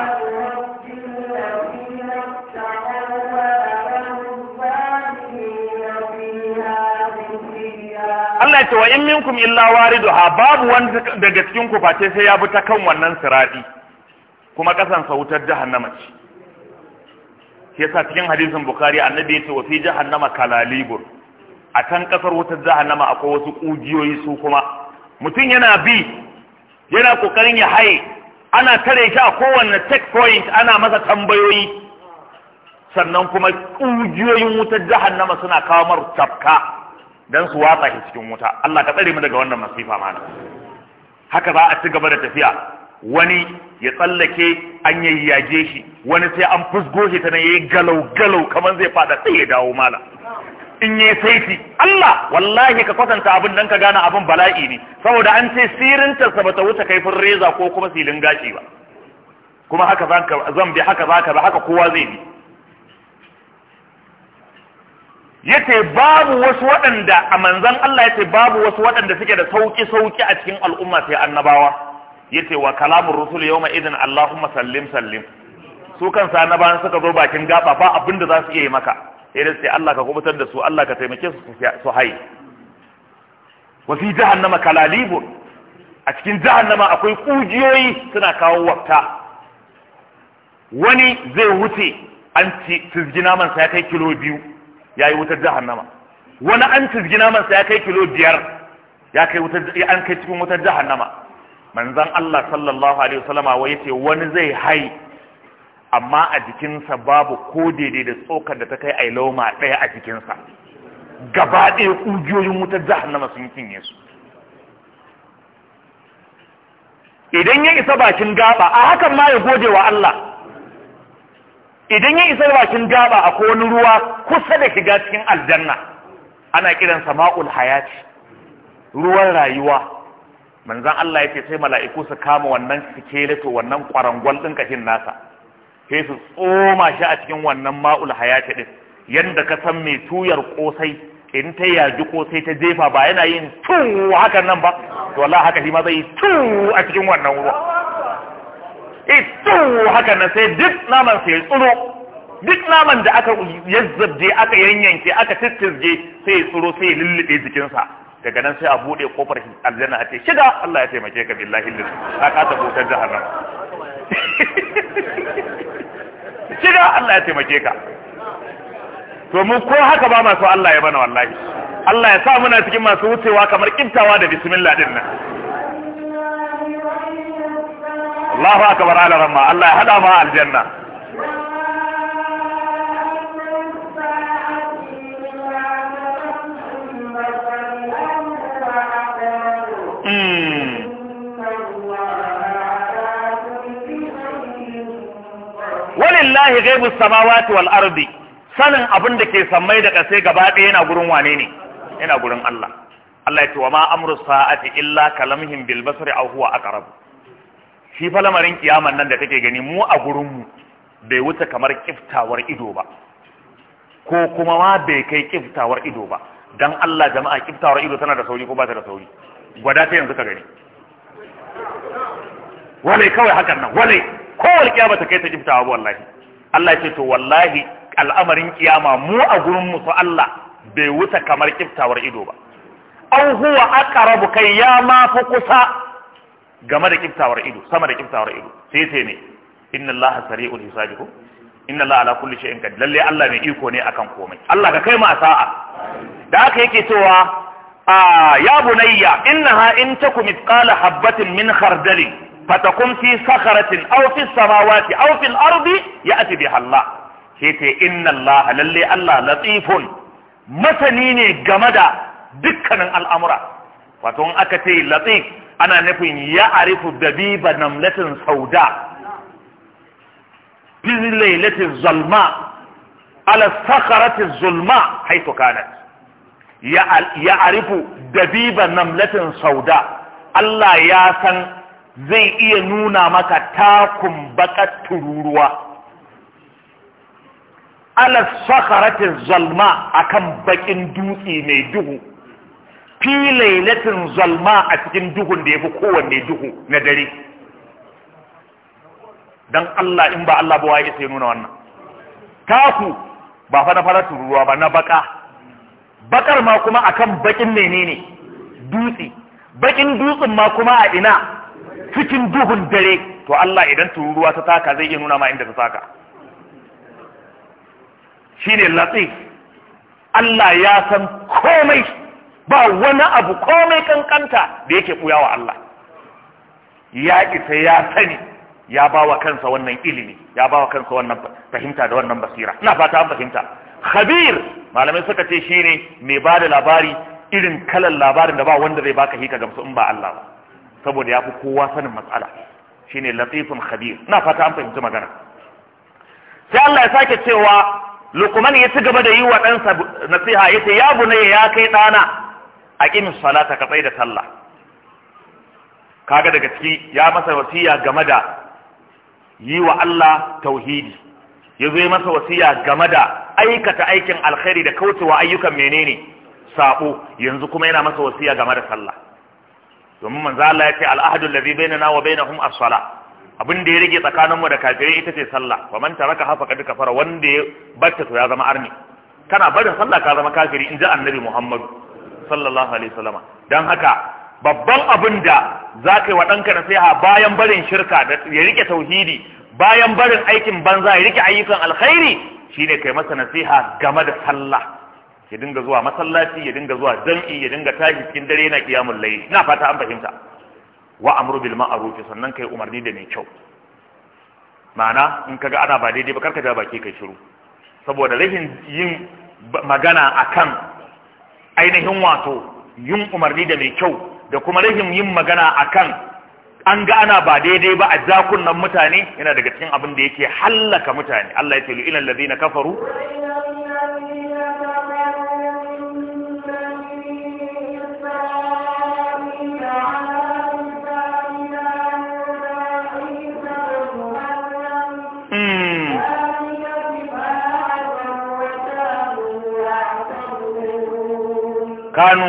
Allah ya ce wa in minkum illa wariduha babu wanda daga cikin ku face sai ya bi ta kan wannan siradi kuma kasan wutar jahannama ce yasa cikin hadisin bukhari annabi ya ce wa fi jahannama kalalibur a can kasar wutar jahannama akwai wasu ƙugiyoyi su kuma mutum yana bi yana ƙoƙarin ya haye ana tare shi a kowanne checkpoint ana masa tambayoyi sannan kuma ƙugiyoyin wutar nama suna kawo mar tafka don su watsa shi cikin wuta Allah ka tsare mu daga wannan masifa mana haka za a ci gaba da tafiya wani ya tsallake an yayyage shi wani sai an fusgo shi ta nan yayi galau galau kamar zai fada sai ya dawo malam in yi saiti Allah wallahi ka kwatanta abin dan ka gane abin bala'i ne saboda an ce ba bata wuce kaifin reza ko kuma silin gashi ba kuma haka zan bi haka zaka ba haka kowa zai bi yace babu wasu waɗanda a manzon Allah yace babu wasu waɗanda suke da sauki sauki a cikin al'umma sai annabawa yace wa kalamur rusul yawma Allahu Allahumma sallim sallim su kansa annabawan suka zo bakin gaba ba abinda za su iya yi maka irin sai Allah ka kubutar da su Allah ka taimake su su haye wa fi jahannama kalalibun a cikin jahannama akwai kujiyoyi suna kawo wafta wani zai wuce an tizgina man ya kai kilo biyu ya yi wutar jahannama wani an tizgina man ya kai kilo biyar ya kai wutar an kai cikin wutar jahannama manzon Allah sallallahu alaihi wasallama wai yace wani zai hai amma a jikinsa babu ko daidai da tsokar da ta kai ailoma ɗaya a jikinsa gaba ɗaya ƙugiyoyin wutar jahannama sun cinye su idan ya isa bakin gaba a hakan ma ya gode wa Allah idan ya isa bakin gaba a wani ruwa kusa da shiga cikin aljanna ana kiransa ma'ul hayati ruwan rayuwa manzan Allah ya ce sai mala'iku su kama wannan sikeleto wannan kwarangwal ɗin kashin nasa sai su tsoma shi a cikin wannan ma'ul hayati din yanda ka san mai tuyar kosai in ta yaji kosai ta jefa ba yana yin tu hakan nan ba to wallahi haka shi ma zai tu a cikin wannan ruwa tu hakan nan sai duk naman sai tsuro duk naman da aka yazzabje aka yanyanke aka tittizge sai tsuro sai lullube jikinsa daga nan sai a bude kofar aljanna a ce shiga Allah ya taimake ka billahi lillahi ka kasa butar jahannama [laughs] shiga Allah ya taimake ka to mu ko haka ba masu Allah ya bana wallahi Allah ya sa muna cikin masu wucewa kamar kiftawa da bismillah din nan Allahu akbar ala ramma Allah ya hada ma aljanna lillahi ghaibus samawati wal ardi sanin abin da ke sammai da kase gaba ɗaya yana gurin wane ne yana gurin Allah Allah ya ce wa ma amru sa'ati illa kalamhim bil basri aw huwa aqrab shi fa lamarin kiyaman nan da take gani mu a gurin mu bai wuce kamar kiftawar ido ba ko kuma ma bai kai kiftawar ido ba dan Allah jama'a kiftawar ido tana da sauri ko ba ta da sauri gwada ta yanzu ka gani wale kawai hakan nan wale kowace kiyama ta kai ta kifta abu wallahi Allah ya ce to wallahi al'amarin kiyama mu a gurin mu to Allah bai wuta kamar kiftawar ido ba an huwa aqrabu kai ya ma fi kusa game da kiftawar ido sama da kiftawar ido sai sai ne inna Allah sari'ul hisabikum inna Allah ala kulli shay'in qadir lalle Allah mai iko ne akan komai Allah ka kai mu asa'a da haka yake cewa ah, ya bunayya innaha in takum mithqala habatin min khardalin فتقوم في صخرة أو في السماوات أو في الأرض يأتي بها الله شيتي إن الله للي الله لطيف مسنيني جمدا دكنا الأمر فتون أكتي لطيف أنا نفين يعرف دبيب نملة سوداء في الليلة الظلماء على صخرة الظلماء حيث كانت يعرف دبيب نملة سوداء الله يا سن zai iya nuna maka takun bakar tururuwa alas sakaratin zalma akan bakin dutse mai duhu fi lailatin zalma a cikin duhun da ya fi kowanne duhu na dare don Allah in ba Allah ba waye sai nuna wannan taku ba fa na fara tururuwa ba na baka bakar ma kuma akan bakin menene dutse bakin dutsen ma kuma a ina cikin duhun dare to Allah idan tururuwa ta taka zai iya nuna ma inda ta taka shine latsi Allah ya san komai ba wani abu komai kankanta da yake buya wa Allah ya isa ya sani ya ba wa kansa wannan ilimi ya ba wa kansa wannan fahimta da wannan basira ina fata an fahimta khabir malamai suka ce shine mai ba da labari irin kalan labarin da ba wanda zai baka hika gamsu in ba Allah ba saboda ya fi kowa sanin matsala shi ne latifin khabir ina fata an fahimci magana sai Allah ya sake cewa lukuman ya ci gaba da yi wa ɗansa nasiha ya ce ya bune ya kai ɗana A ƙin salata ka da sallah kaga daga ciki ya masa wasiya game da yi wa Allah tauhidi ya zo masa wasiya game da aikata aikin alkhairi da kaucewa ayyukan menene sabo yanzu kuma yana masa wasiya game da sallah domin manzo Allah ya ce al'ahadu allazi bainana wa bainahum as-salah abin da ya rage tsakanin mu da kafiri ita ce sallah wa man taraka hafa kad kafara wanda ya barta to ya zama arni kana barin sallah ka zama kafiri inji annabi Muhammad sallallahu alaihi wasallam dan haka babban abin da zaka yi wa danka nasiha bayan barin shirka da ya rike tauhidi bayan barin aikin banza ya rike ayyukan alkhairi shine kai masa nasiha game da sallah ya dinga zuwa masallaci ya dinga zuwa jam'i ya dinga tashi cikin dare yana kiyamul layl ina fata an fahimta wa amru bil ma'ruf sannan kai umarni da mai kyau ma'ana in kaga ana ba daidai ba karka ja baki kai shiru saboda rahin yin magana akan ainihin wato yin umarni da mai kyau da kuma rahin yin magana akan an ga ana ba daidai ba a jakunnan mutane yana daga cikin abin da yake hallaka mutane Allah ya ce lil ladina kafaru kanu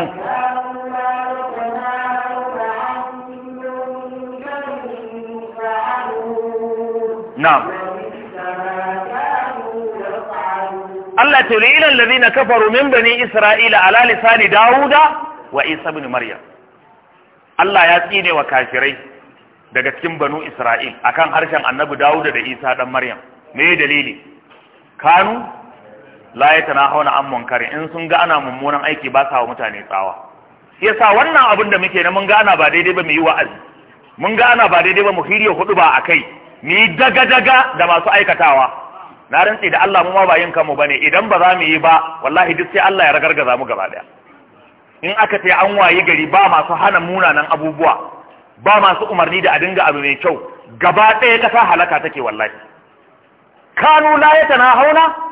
na'am Allah ta yi ilan na kafaru min bani Isra'ila ala lisani Dawuda wa Isa bin Maryam. Allah ya tsine wa kafirai daga cikin banu Isra'il akan harshen annabi Dawuda da Isa dan Maryam. Me dalili? Kanu la ya tana hauna an munkari in sun ga ana mummunan aiki ba sa wa mutane tsawa yasa wannan abin da muke na mun ga ana ba daidai ba mu yi wa'azi mun ga ana ba daidai ba mu hiriya hudu ba a kai mu yi daga daga da masu aikatawa na rantsi da Allah mu ma ba yin kanmu ne idan ba za mu yi ba wallahi duk sai Allah ya ragargaza mu gaba daya in aka ce an wayi gari ba masu hana munanan abubuwa ba masu umarni da a dinga abu mai kyau gaba ɗaya ƙasa halaka take wallahi kanu la ya tana hauna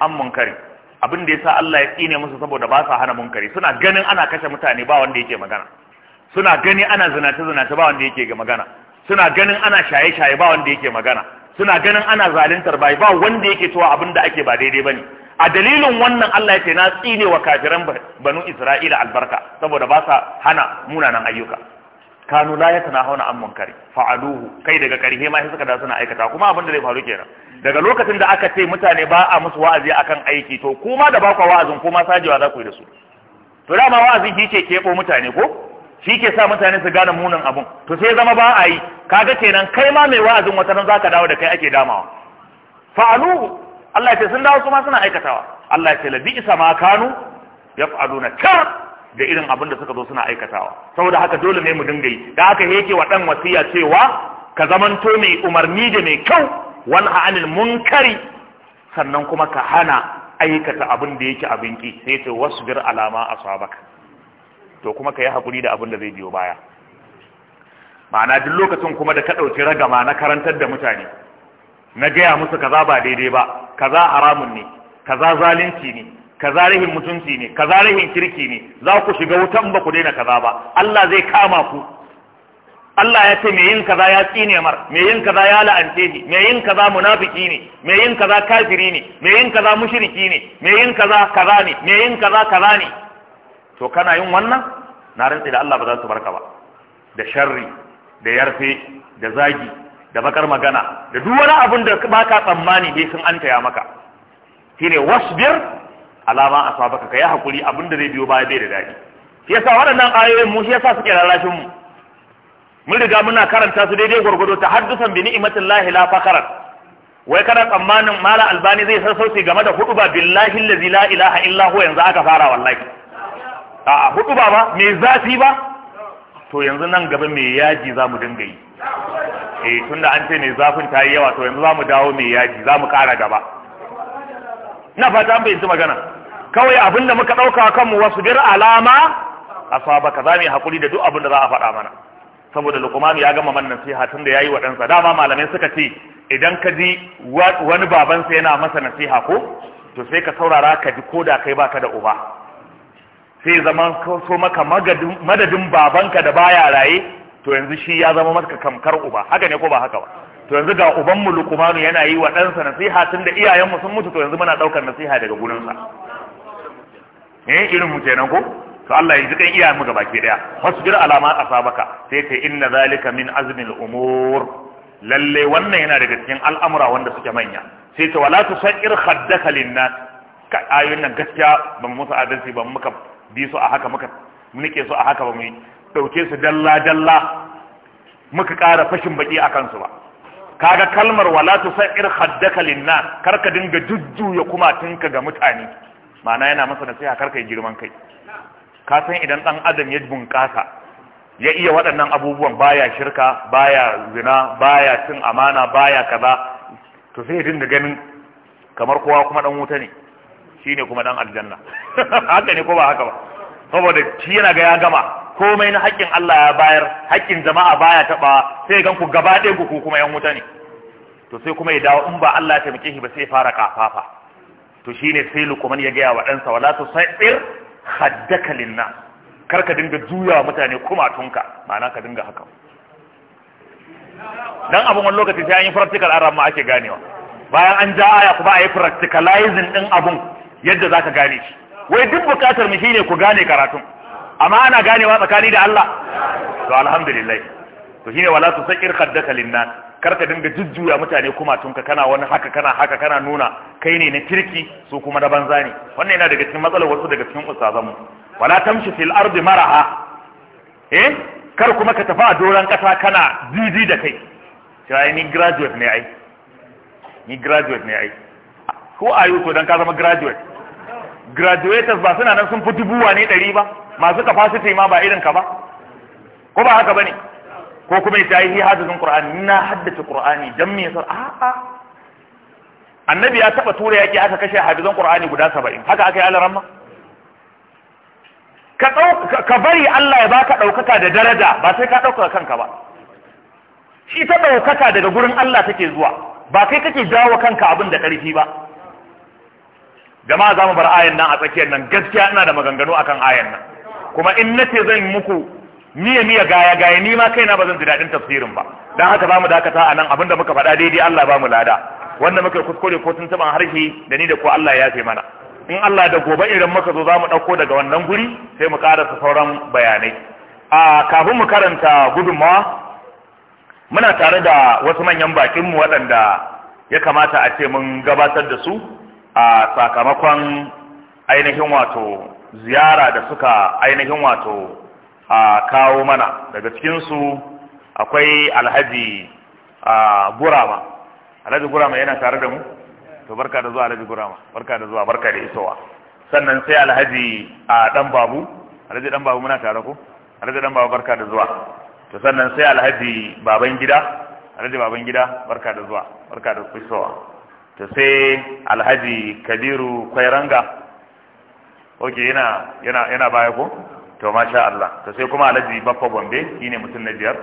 an munkari abin da yasa Allah ya tsine musu saboda ba sa hana munkari suna ganin ana kashe mutane ba wanda yake magana suna gani ana zinace zinace ba wanda yake magana suna ganin ana shaye shaye ba wanda yake magana suna ganin ana zaluntar bai ba wanda yake cewa abin da ake ba daidai bane a dalilin wannan Allah ya ce na tsine wa kafiran banu Isra'ila albarka saboda ba sa hana munanan ayyuka kanu la ya tana hauna an kare fa'aluhu kai daga karhe ma sai suka da suna aikata kuma abin da zai faru kenan daga lokacin da aka ce mutane ba a musu wa'azi akan aiki to kuma da ba ku wa'azin kuma sajewa za ku yi da su to dama wa'azin shi ke kebo mutane ko shi ke sa mutane su gane munin abun to sai zama ba a yi kaga kenan kai ma mai wa'azin wata nan zaka dawo da kai ake damawa fa'aluhu Allah ya ce sun dawo su suna aikatawa Allah ya ce la bi isa ma kanu yaf'aluna kar da irin abin da suka zo suna aikatawa saboda haka dole ne mu dinga yi da haka yake wa dan wasiya cewa ka zamanto mai umarni da mai kyau wanha anil munkari sannan kuma ka hana aikata abin da yake abin ki sai ce wasbir alama asabaka to kuma ka yi hakuri da abin da zai biyo baya ma'ana duk lokacin kuma da ka dauki ragama na karantar da mutane na gaya musu kaza ba daidai ba kaza haramun ne kaza zalunci ne Kazarihin mutunci ne kazarihin kirki ne za ku shiga wutan ba ku daina kaza ba Allah zai kama ku Allah ya ce me yin kaza ya tsine mar me yin kaza ya la'ance ni, me yin kaza munafiki ne me yin kaza kafiri ne me yin kaza mushriki ne me yin kaza kaza ne me yin kaza kaza ne to kana yin wannan na rantsi da Allah ba za su barka ba da sharri da yarfe da zagi da bakar magana da duk wani abin da baka tsammani dai sun antaya maka shine wasbir alama ka yi hakuri abinda zai biyo baya bai da daɗi shi yasa waɗannan ayoyin mu shi yasa suke lalashin mu mun riga muna karanta su daidai gwargwado ta haddusan bi ni'matin lahi la fakarar wai kana tsammanin mala albani zai san sauti game da hudu ba billahi allazi la ilaha illa huwa yanzu aka fara wallahi a hudu ba ba me zafi ba to yanzu nan gaba me yaji za mu dinga yi eh tunda an ce me zafin ta yi yawa to yanzu za mu dawo me yaji za mu kara gaba na fata an bai magana kawai abin da muka dauka kanmu wasu bir alama asabaka zamu hakuri da duk abinda za a faɗa mana saboda lukuman ya gama man nasiha da yayi wa ɗansa dama malamai suka ce idan ka ji wani babansa yana masa nasiha ko to sai ka saurara ka ji koda kai baka da uba sai zaman ka so maka madadin babanka da baya raye to yanzu shi ya zama maka kamkar uba haka ne ko ba haka ba to yanzu ga ubanmu lukumanu yana yi wa ɗansa nasiha tun da iyayenmu sun mutu to yanzu muna ɗaukar nasiha daga gurin sa eh irin mu kenan ko to Allah ya jikan iya mu gabaki daya wasbir alama ma asabaka sai ta inna zalika min azmil umur lalle wannan yana daga cikin al'amura wanda suke manya sai ta wala tusair khaddaka linnas ka ayoyin nan gaskiya ban musu adalci ban muka bi su a haka muka nike su a haka ba mu dauke su dalla dalla muka ƙara fashin baki a kansu ba kaga kalmar wala tusair khaddaka linnas karka dinga jujjuya kuma tinka ga mutane ma'ana yana masa nasiha kar kai girman kai ka san idan dan adam ya bunƙasa ya iya waɗannan abubuwan baya shirka baya zina baya cin amana baya kaza to sai dinga ganin kamar kowa kuma dan wuta ne shine kuma dan aljanna [laughs] haka ne ko ba haka ba saboda shi yana ga ya gama komai na haƙƙin Allah ya bayar haƙƙin jama'a baya taɓa sai ganku gaba ɗaya ku kuma yan wuta ne to sai kuma ya dawo in ba Allah ya taimake shi ba sai fara kafafa to shine sai kuma ya gaya wa ɗansa wala tu sa'ir haddaka linna kar ka dinga juya wa mutane kuma tunka ma'ana ka dinga haka dan abun wani lokaci sai an yi practical an ramma ake ganewa bayan an ja aya kuma a yi practicalizing din abun yadda zaka gane shi wai duk bukatar mu shine ku gane karatun amma ana ganewa tsakani da Allah to alhamdulillah to shine wala tu sa'ir haddaka linna kar ka dinga jujjuya mutane kuma kumatunka kana wani haka kana haka kana nuna kai ne na kirki su kuma na banza ne wannan yana daga cikin matsalar wasu daga cikin ustazanmu wala tamshi fil ardi maraha eh kar kuma ka tafi a doran kasa kana jiji da kai cewa ni graduate ne ai ni graduate ne ai ko ayu to dan ka zama graduate graduates ba suna nan sun fi dubuwa ne ɗari ba masu capacity ma ba irin ka ba ko ba haka bane ko kuma ita yi hadisin qur'ani na haddace qur'ani dan me yasa a'a annabi ya taba tura yaki aka kashe hadisin qur'ani guda 70 haka aka yi alaramma ka ka bari Allah ya baka daukaka da daraja ba sai ka dauka kanka ba shi ta daukaka daga gurin Allah take zuwa ba kai kake jawo kanka abin da karfi ba jama'a zamu bar ayan nan a tsakiyar nan gaskiya ina da maganganu akan ayan nan kuma in nace zan muku miya miya gaya gaya ni ma kaina ba zan ji daɗin tafsirin ba dan haka ba dakata a nan abinda muka faɗa daidai Allah bamu lada wanda muka kuskure ko taba harshe da ni da ko Allah ya fi mana in Allah da gobe idan muka zo zamu mu ɗauko daga wannan guri sai mu ƙara sauran bayanai a kafin mu karanta gudunmawa muna tare da wasu manyan bakin mu waɗanda ya kamata a ce mun gabatar da su a sakamakon ainihin wato ziyara da suka ainihin wato a kawo mana daga cikinsu akwai alhaji a gurama alhaji gurama yana tare da mu to barka da zuwa alhaji gurama barka da zuwa barka da isowa sannan sai alhaji a dan babu alhaji dan babu muna tare ko alhaji dan babu barka da zuwa to sannan sai alhaji baban gida alhaji baban gida barka da zuwa barka da isowa to sai alhaji kabiru kwairanga oke yana yana yana baya ko to masha Allah to sai kuma alhaji baffa gombe shine mutum na biyar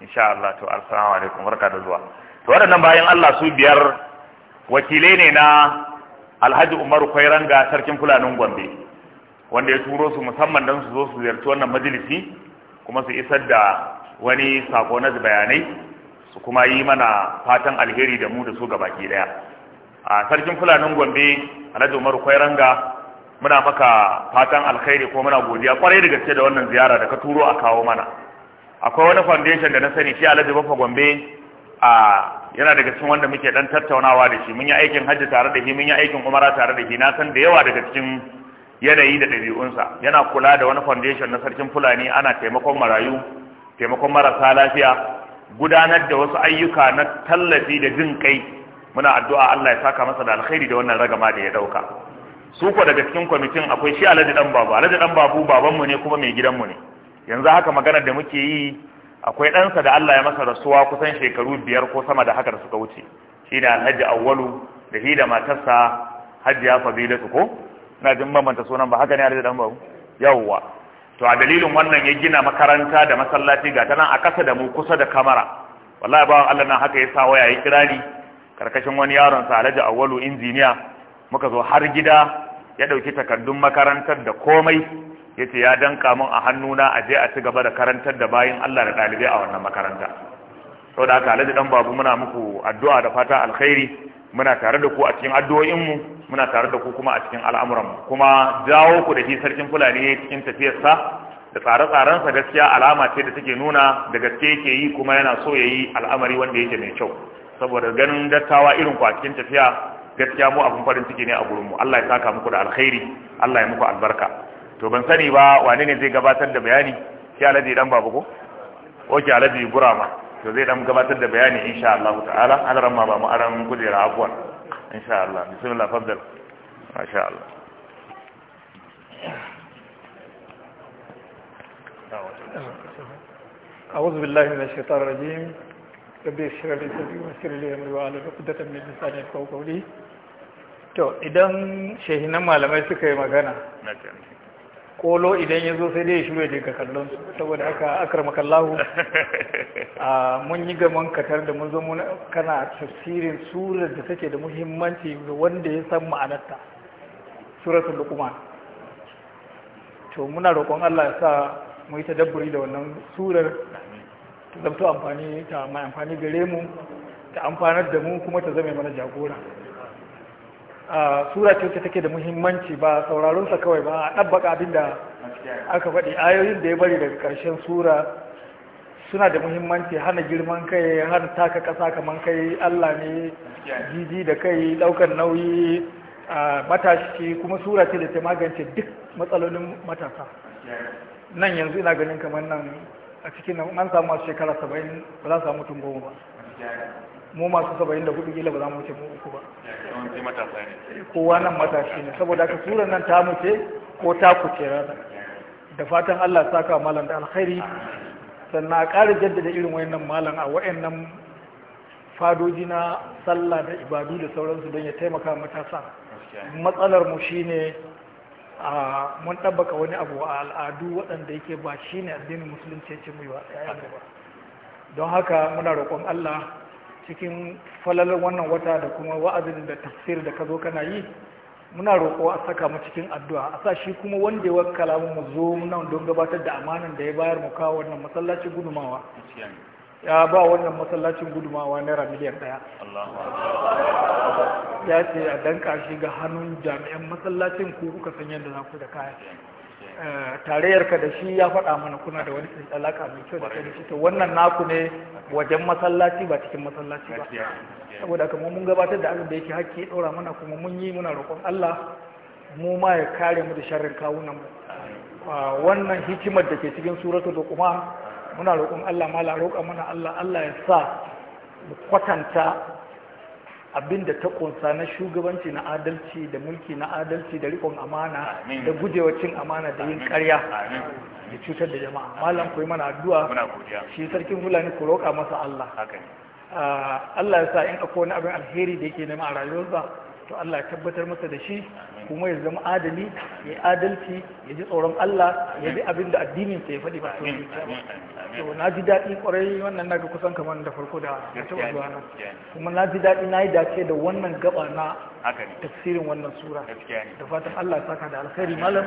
insha Allah to assalamu alaikum barka da zuwa to waɗannan bayan Allah su biyar wakilai ne na alhaji Kwairan kwairanga sarkin fulanin gombe wanda ya turo su musamman don su zo su ziyarci wannan majalisi kuma su isar da wani sako na bayanai su kuma yi mana fatan alheri da mu da su ga baki daya a sarkin fulanin gombe alhaji umaru kwairanga muna maka fatan alkhairi ko muna godiya kwarai da gaske da wannan ziyara da ka turo a kawo mana akwai wani foundation da na sani shi alhaji bafa gombe a yana daga cikin wanda muke dan tattaunawa da shi mun yi aikin hajji tare da shi mun yi aikin umara tare da shi na san da yawa daga cikin yanayi da ɗabi'unsa yana kula da wani foundation na sarkin fulani ana taimakon marayu taimakon marasa lafiya gudanar da wasu ayyuka na tallafi da jin kai muna addu'a Allah ya saka masa da alkhairi da wannan ragama da ya dauka su ko daga cikin kwamitin akwai shi alhaji dan babu alhaji dan babu babanmu ne kuma mai gidanmu ne yanzu haka maganar da muke yi akwai ɗansa da Allah ya masa rasuwa kusan shekaru biyar ko sama da haka da suka wuce shi da alhaji awwalu da shi da matarsa hajiya fadilatu ko na jin bambanta sunan ba haka ne alhaji dan babu yawwa to a dalilin wannan ya gina makaranta da masallaci ga tanan a kasa da mu kusa da kamara wallahi bawan Allah na haka ya sa waya ya kirari karkashin wani yaron sa alhaji awwalu injiniya muka zo har gida ya ɗauki takardun makarantar da komai ya ce ya danka mun a hannuna a je a ci gaba da karantar da bayin Allah da ɗalibai a wannan makaranta sau da haka alhaji dan babu muna muku addu'a da fata alkhairi muna tare da ku a cikin addu'o'inmu muna tare da ku kuma a cikin al'amuranmu kuma jawo ku da shi sarkin fulani ne cikin tafiyarsa da tsare tsaren sa gaskiya alama ce da take nuna da gaske yake yi kuma yana so ya yi al'amari wanda yake mai kyau saboda ganin dattawa irin ku a cikin tafiya gaskiya mu abun farin ciki ne a gurin mu Allah ya saka muku da alkhairi Allah ya muku albarka to ban sani ba wane ne zai gabatar da bayani shi alaji dan babu ko oke alaji burama to zai dan gabatar da bayani insha Allah ta'ala an ramma ba mu aran kujera afwan insha Allah bismillah faddal masha Allah أعوذ بالله من الشيطان الرجيم ربي اشرح لي صدري ويسر لي امري واعلم عقدة من لساني يفقهوا قولي to idan shehinan malamai suka yi magana kolo idan ya zo sai dai ya shirya daga kallon su saboda aka akar makallahu a mun yi gaman katar da mun zo kana tafsirin surar da take da muhimmanci ga wanda ya san ma'anarta suratun lukuma. to muna roƙon Allah ya sa mu yi ta dabburi da wannan surar ta zamto amfani ta mai amfani gare mu ta amfanar da mu kuma ta zame mana jagora sura ce ta take da muhimmanci ba sauraronsa kawai ba a ɗabbaka abin da aka faɗi ayoyin da ya bari daga ƙarshen sura suna da muhimmanci hana girman kai hana taka ƙasa kamar kai allah ne jiji da kai ɗaukar nauyi matashi kuma sura ce da ta magance duk matsalolin matasa nan yanzu ina ganin kamar nan a cikin an samu masu shekara saba'in ba za su samu tun goma ba mu masu saba'in da hudu gila ba za mu wuce mu uku ba kowa nan matashi ne saboda haka tura nan ta mace ko ta kuce rana da fatan Allah saka malam da alkhairi sannan a ƙara jaddada irin wayannan malam a wayannan fadoji na sallah da ibadu da sauransu don ya taimaka matasa matsalar mu shine a mun ɗabbaka wani abu a al'adu waɗanda yake ba shine addinin musulunci ya ce mu yi wa ba don haka muna roƙon Allah cikin falalar wannan wata da kuma wa'azin da tafsir da ka zo kana yi muna roƙo a saka mu cikin addu'a a sa shi kuma wanda ya wakala mu zo nan don gabatar da amanan da ya bayar mu kawo wannan masallacin gudumawa ya ba wannan masallacin gudumawa naira miliyan ɗaya ya ce a danka shi ga hannun jami'an masallacin ku kuka san yadda za ku da kaya Eh, tarayyarka da shi ya faɗa mana kuna da wani alaka mai kyau da kai to wannan naku ne wajen masallaci ba cikin masallaci ba saboda kamar mun gabatar da abin da yake hakki ɗora mana kuma mun yi muna roƙon Allah mu ma ya kare mu da sharrin kawunan mu ah, wannan hikimar da ke cikin suratul luqman muna roƙon Allah ma roƙa mana Allah Allah ya sa mu kwatanta Abin da ta ƙunsa na shugabanci na adalci da mulki na adalci da rikon amana da gujewa cin amana da yin karya da cutar da jama'a malam yi mana addu'a shi sarkin fulani ku roƙa masa Allah ah, Allah ya sa in akwai wani abin alheri da yake nema a rayuwarsa to Allah ya tabbatar masa da shi kuma ya zama adali ya yi adalci ya ji tsoron Allah ya bi abin da addinin sa ya faɗi ba tsoron to na ji daɗi kwarai wannan naga kusan kamar da farko da ya kuma na ji daɗi na yi dace da wannan gaba na tafsirin wannan sura da fatan Allah ya saka da alkhairi malam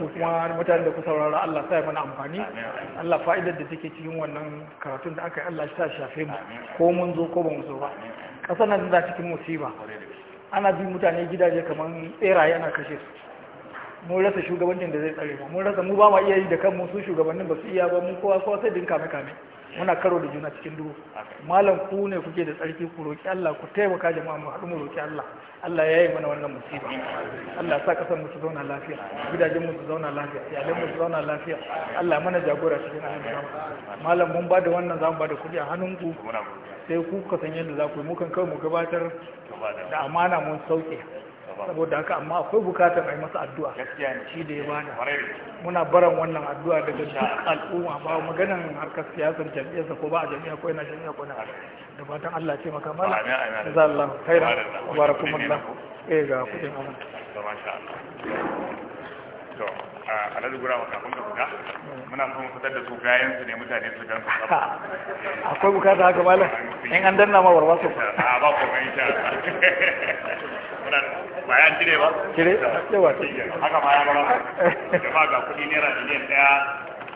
kuma mutane da ku saurara Allah sa ya mana amfani Allah fa'idar da take cikin wannan karatun da aka yi Allah ya shafe mu ko mun zo ko ba mu zo ba ƙasar nan da cikin musiba ana bin mutane gidaje kamar tseraye ana kashe su mun rasa shugabancin da zai tsare mu mun rasa mu ba ma iya yi da kanmu su shugabannin ba su iya ba mun kowa kowa sai din kame kame muna karo da juna cikin duhu malam ku ne kuke da tsarki ku roki Allah ku taimaka jama'a mu haɗu mu roki Allah Allah ya yi mana wannan musiba Allah sa kasar mu su zauna lafiya gidajen mu su zauna lafiya iyalan mu su zauna lafiya Allah mana jagora cikin al'amuran malam mun ba da wannan zamu ba da kuɗi a hannunku sai ku ka san yadda za ku yi mukan kawai mu gabatar da amana mun sauke saboda haka amma akwai bukatar a yi masa addu'a shi da ya bada muna baran wannan addu'a daga duk al'umma ba maganan harkar siyasar jam'iyyarsa ko ba a jami'a ko yana jami'a ko na da fatan Allah ce maka mala za Allah khairan barakumullah eh ga kudin eh, amana a halar gura wa kafin ka fita muna son fitar da su gayan su ne mutane su gan su akwai bukata haka bala in an danna ma warwa su a ba ko mai ta muna bayan cire ba cire ba. haka ma ya bara jama'a ga kudi naira miliyan daya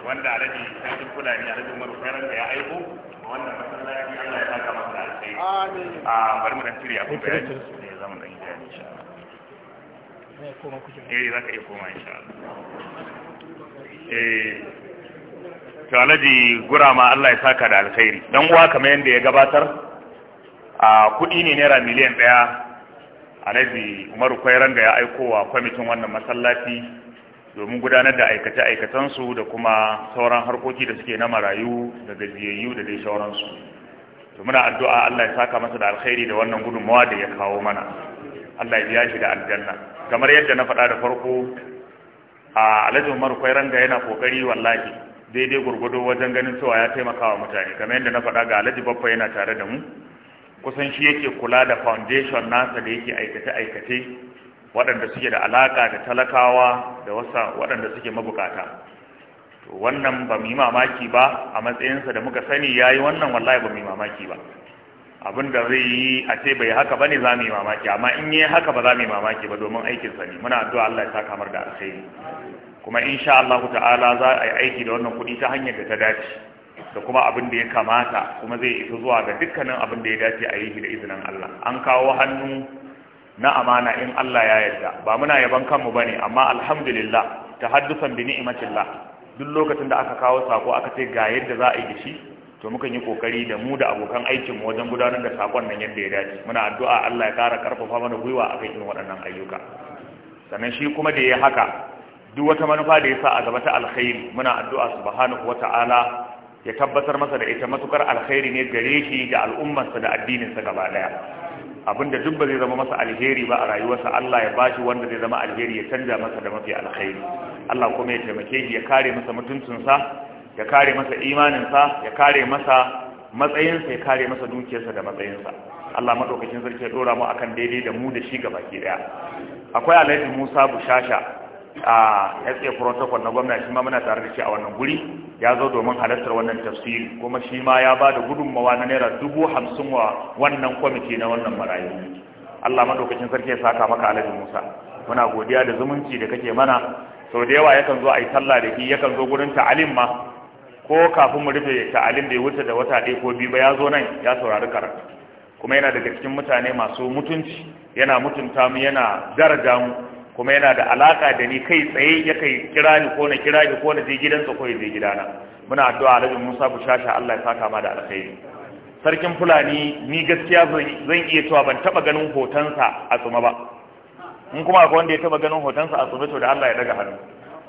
wanda alaji sarkin fulani alaji umaru kairan da ya aiko wannan masallaci Allah ya saka masa alkhairi amin a bari mu dan cire abin bayani ne zamu dan yi insha Allah E za ka iya Allah eh, gurama Allah ya saka da alkhairi dan uwa kamar yadda ya gabatar a kudi ne naira miliyan daya alhaji Umaru Kwairan ya aiko wa kwamitin wannan masallaci domin gudanar da aikace-aikacensu da kuma sauran harkoki da suke na marayu da gajiyayyu da dai sauransu to muna addu'a Allah ya saka masa da alkhairi da wannan gudunmawa da ya kawo mana Allah ya biya shi da aljanna kamar yadda na faɗa da farko a alhaji umar ranga yana kokari wallahi daidai gurgudu wajen ganin cewa ya taimaka wa mutane kamar yadda na faɗa ga alaji baffa yana tare da mu kusan shi yake kula da foundation nasa da yake aikace-aikace waɗanda suke da alaka da talakawa da wasa waɗanda suke mabukata wannan ba mu yi mamaki ba a matsayinsa da muka sani ya yi wannan wallahi ba mu yi mamaki ba abin da zai yi a ce bai haka bane za mu yi mamaki amma in yi haka ba za mu yi mamaki ba domin aikinsa ne muna addu'a Allah ya saka mar da alkhairi kuma insha Allah ta'ala za a yi aiki da wannan kuɗi ta hanyar da ta dace da kuma abin da ya kamata kuma zai isa zuwa ga dukkanin abin da ya dace a yi da izinin Allah an kawo hannu na amana in Allah ya yarda ba muna yaban kanmu ba ne. amma alhamdulillah ta haddusan bi ni'matillah duk lokacin da aka kawo sako aka ce ga yadda za a yi shi to muka yi kokari da mu da abokan aikin mu wajen gudanar da sakon nan yadda ya dace muna addu'a Allah ya kara karfafa mana gwiwa a irin waɗannan ayyuka sannan shi kuma da ya haka duk wata manufa da ya sa a gaba ta alkhairi muna addu'a subhanahu wata'ala ya tabbatar masa da ita matukar alkhairi ne gare shi da al'ummarsa da addininsa gaba daya abinda duk ba zai zama masa alheri ba a rayuwarsa Allah ya bashi wanda zai zama alheri ya canja masa da mafi alkhairi Allah kuma ya taimake shi ya kare masa mutuncinsa ya kare masa imaninsa ya kare masa matsayinsa ya kare masa dukiyarsa da matsayinsa Allah madaukakin sarki ya dora mu akan daidai da mu da shi baki daya akwai Alhaji Musa Bushasha a SA protocol na gwamnati shi ma muna tare da shi a wannan guri ya zo domin halartar wannan tafsiri kuma shi ma ya ba da gudunmawa na naira dubu hamsin wa wannan kwamiti na wannan marayu Allah madaukakin sarki ya saka maka Alhaji Musa muna godiya da zumunci da kake mana sau da yawa yakan zo a yi sallah da shi yakan zo gurin ta'alim ma ko kafin mu rufe da ya wuce da wata ɗaya ko biyu ba ya zo nan ya saurari karatu kuma yana daga cikin mutane masu mutunci yana mutunta mu yana daraja mu kuma yana da alaka da ni kai tsaye ya kai kira ni ko na kira ni ko na je gidansa ko ya je gidana muna addu'a Alhaji Musa shasha Allah ya saka ma da alkhairi sarkin Fulani ni gaskiya zan iya cewa ban taba ganin hotonsa a tsuma ba in kuma akwai wanda ya taba ganin hotonsa a tsuma to da Allah ya daga hannu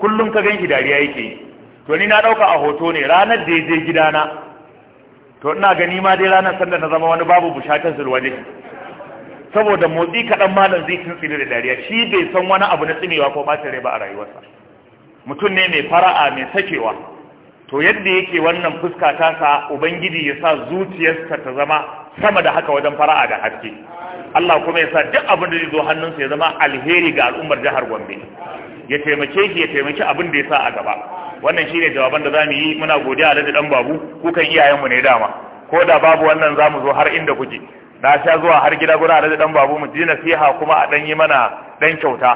kullum ka ganki dariya yake yi to ni na dauka a hoto ne ranar da je gidana to ina gani ma dai ranar sanda na zama wani babu bushatar zulwaje saboda motsi kaɗan malam zai tsire da dariya shi bai san wani abu na tsinewa ko bacin rai ba a rayuwarsa mutum ne mai fara'a mai sakewa to yadda yake wannan fuska ta sa ubangiji ya sa zuciyarsa ta zama sama da haka wajen fara'a da haske Allah kuma ya sa duk abin da zai zo hannunsa ya zama alheri ga al'ummar jihar Gombe ya taimake shi ya taimaki abin da ya sa a gaba wannan shine jawaban da zamu yi muna godiya da dan babu kukan iyayenmu ne dama ko da babu wannan zamu zo har inda kuke na sha zuwa har gida gura da dan babu mu ji nasiha kuma a dan yi mana dan kyauta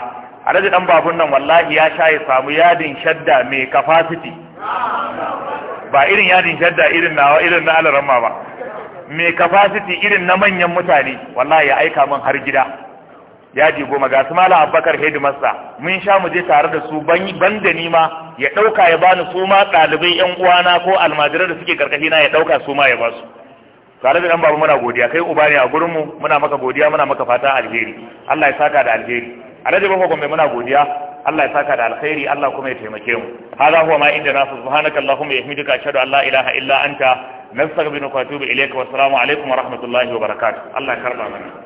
Alhaji dan babun nan wallahi ya sha ya samu yadin shadda mai capacity ba irin yadin shadda irin nawa irin na alaramma ba mai capacity irin na manyan mutane wallahi ya aika min har gida yaji goma ga su mala abbakar hedimasta mun sha mu je tare da su ban da ni ma ya ɗauka ya bani su ma ɗalibai yan uwana ko almajirai da suke karkashi na ya ɗauka su ma ya ba su tare da ɗan babu muna godiya kai uba ne a gurin mu muna maka godiya muna maka fata alheri Allah ya saka da alheri alhaji bako gombe muna godiya Allah ya saka da alheri. Allah kuma ya taimake mu hada huwa ma inda nasu subhanaka allahumma yahmiduka ashhadu an la ilaha illa anta nastaghfiruka wa atubu ilayka wa assalamu alaikum wa rahmatullahi wa barakatuh Allah ya karba mana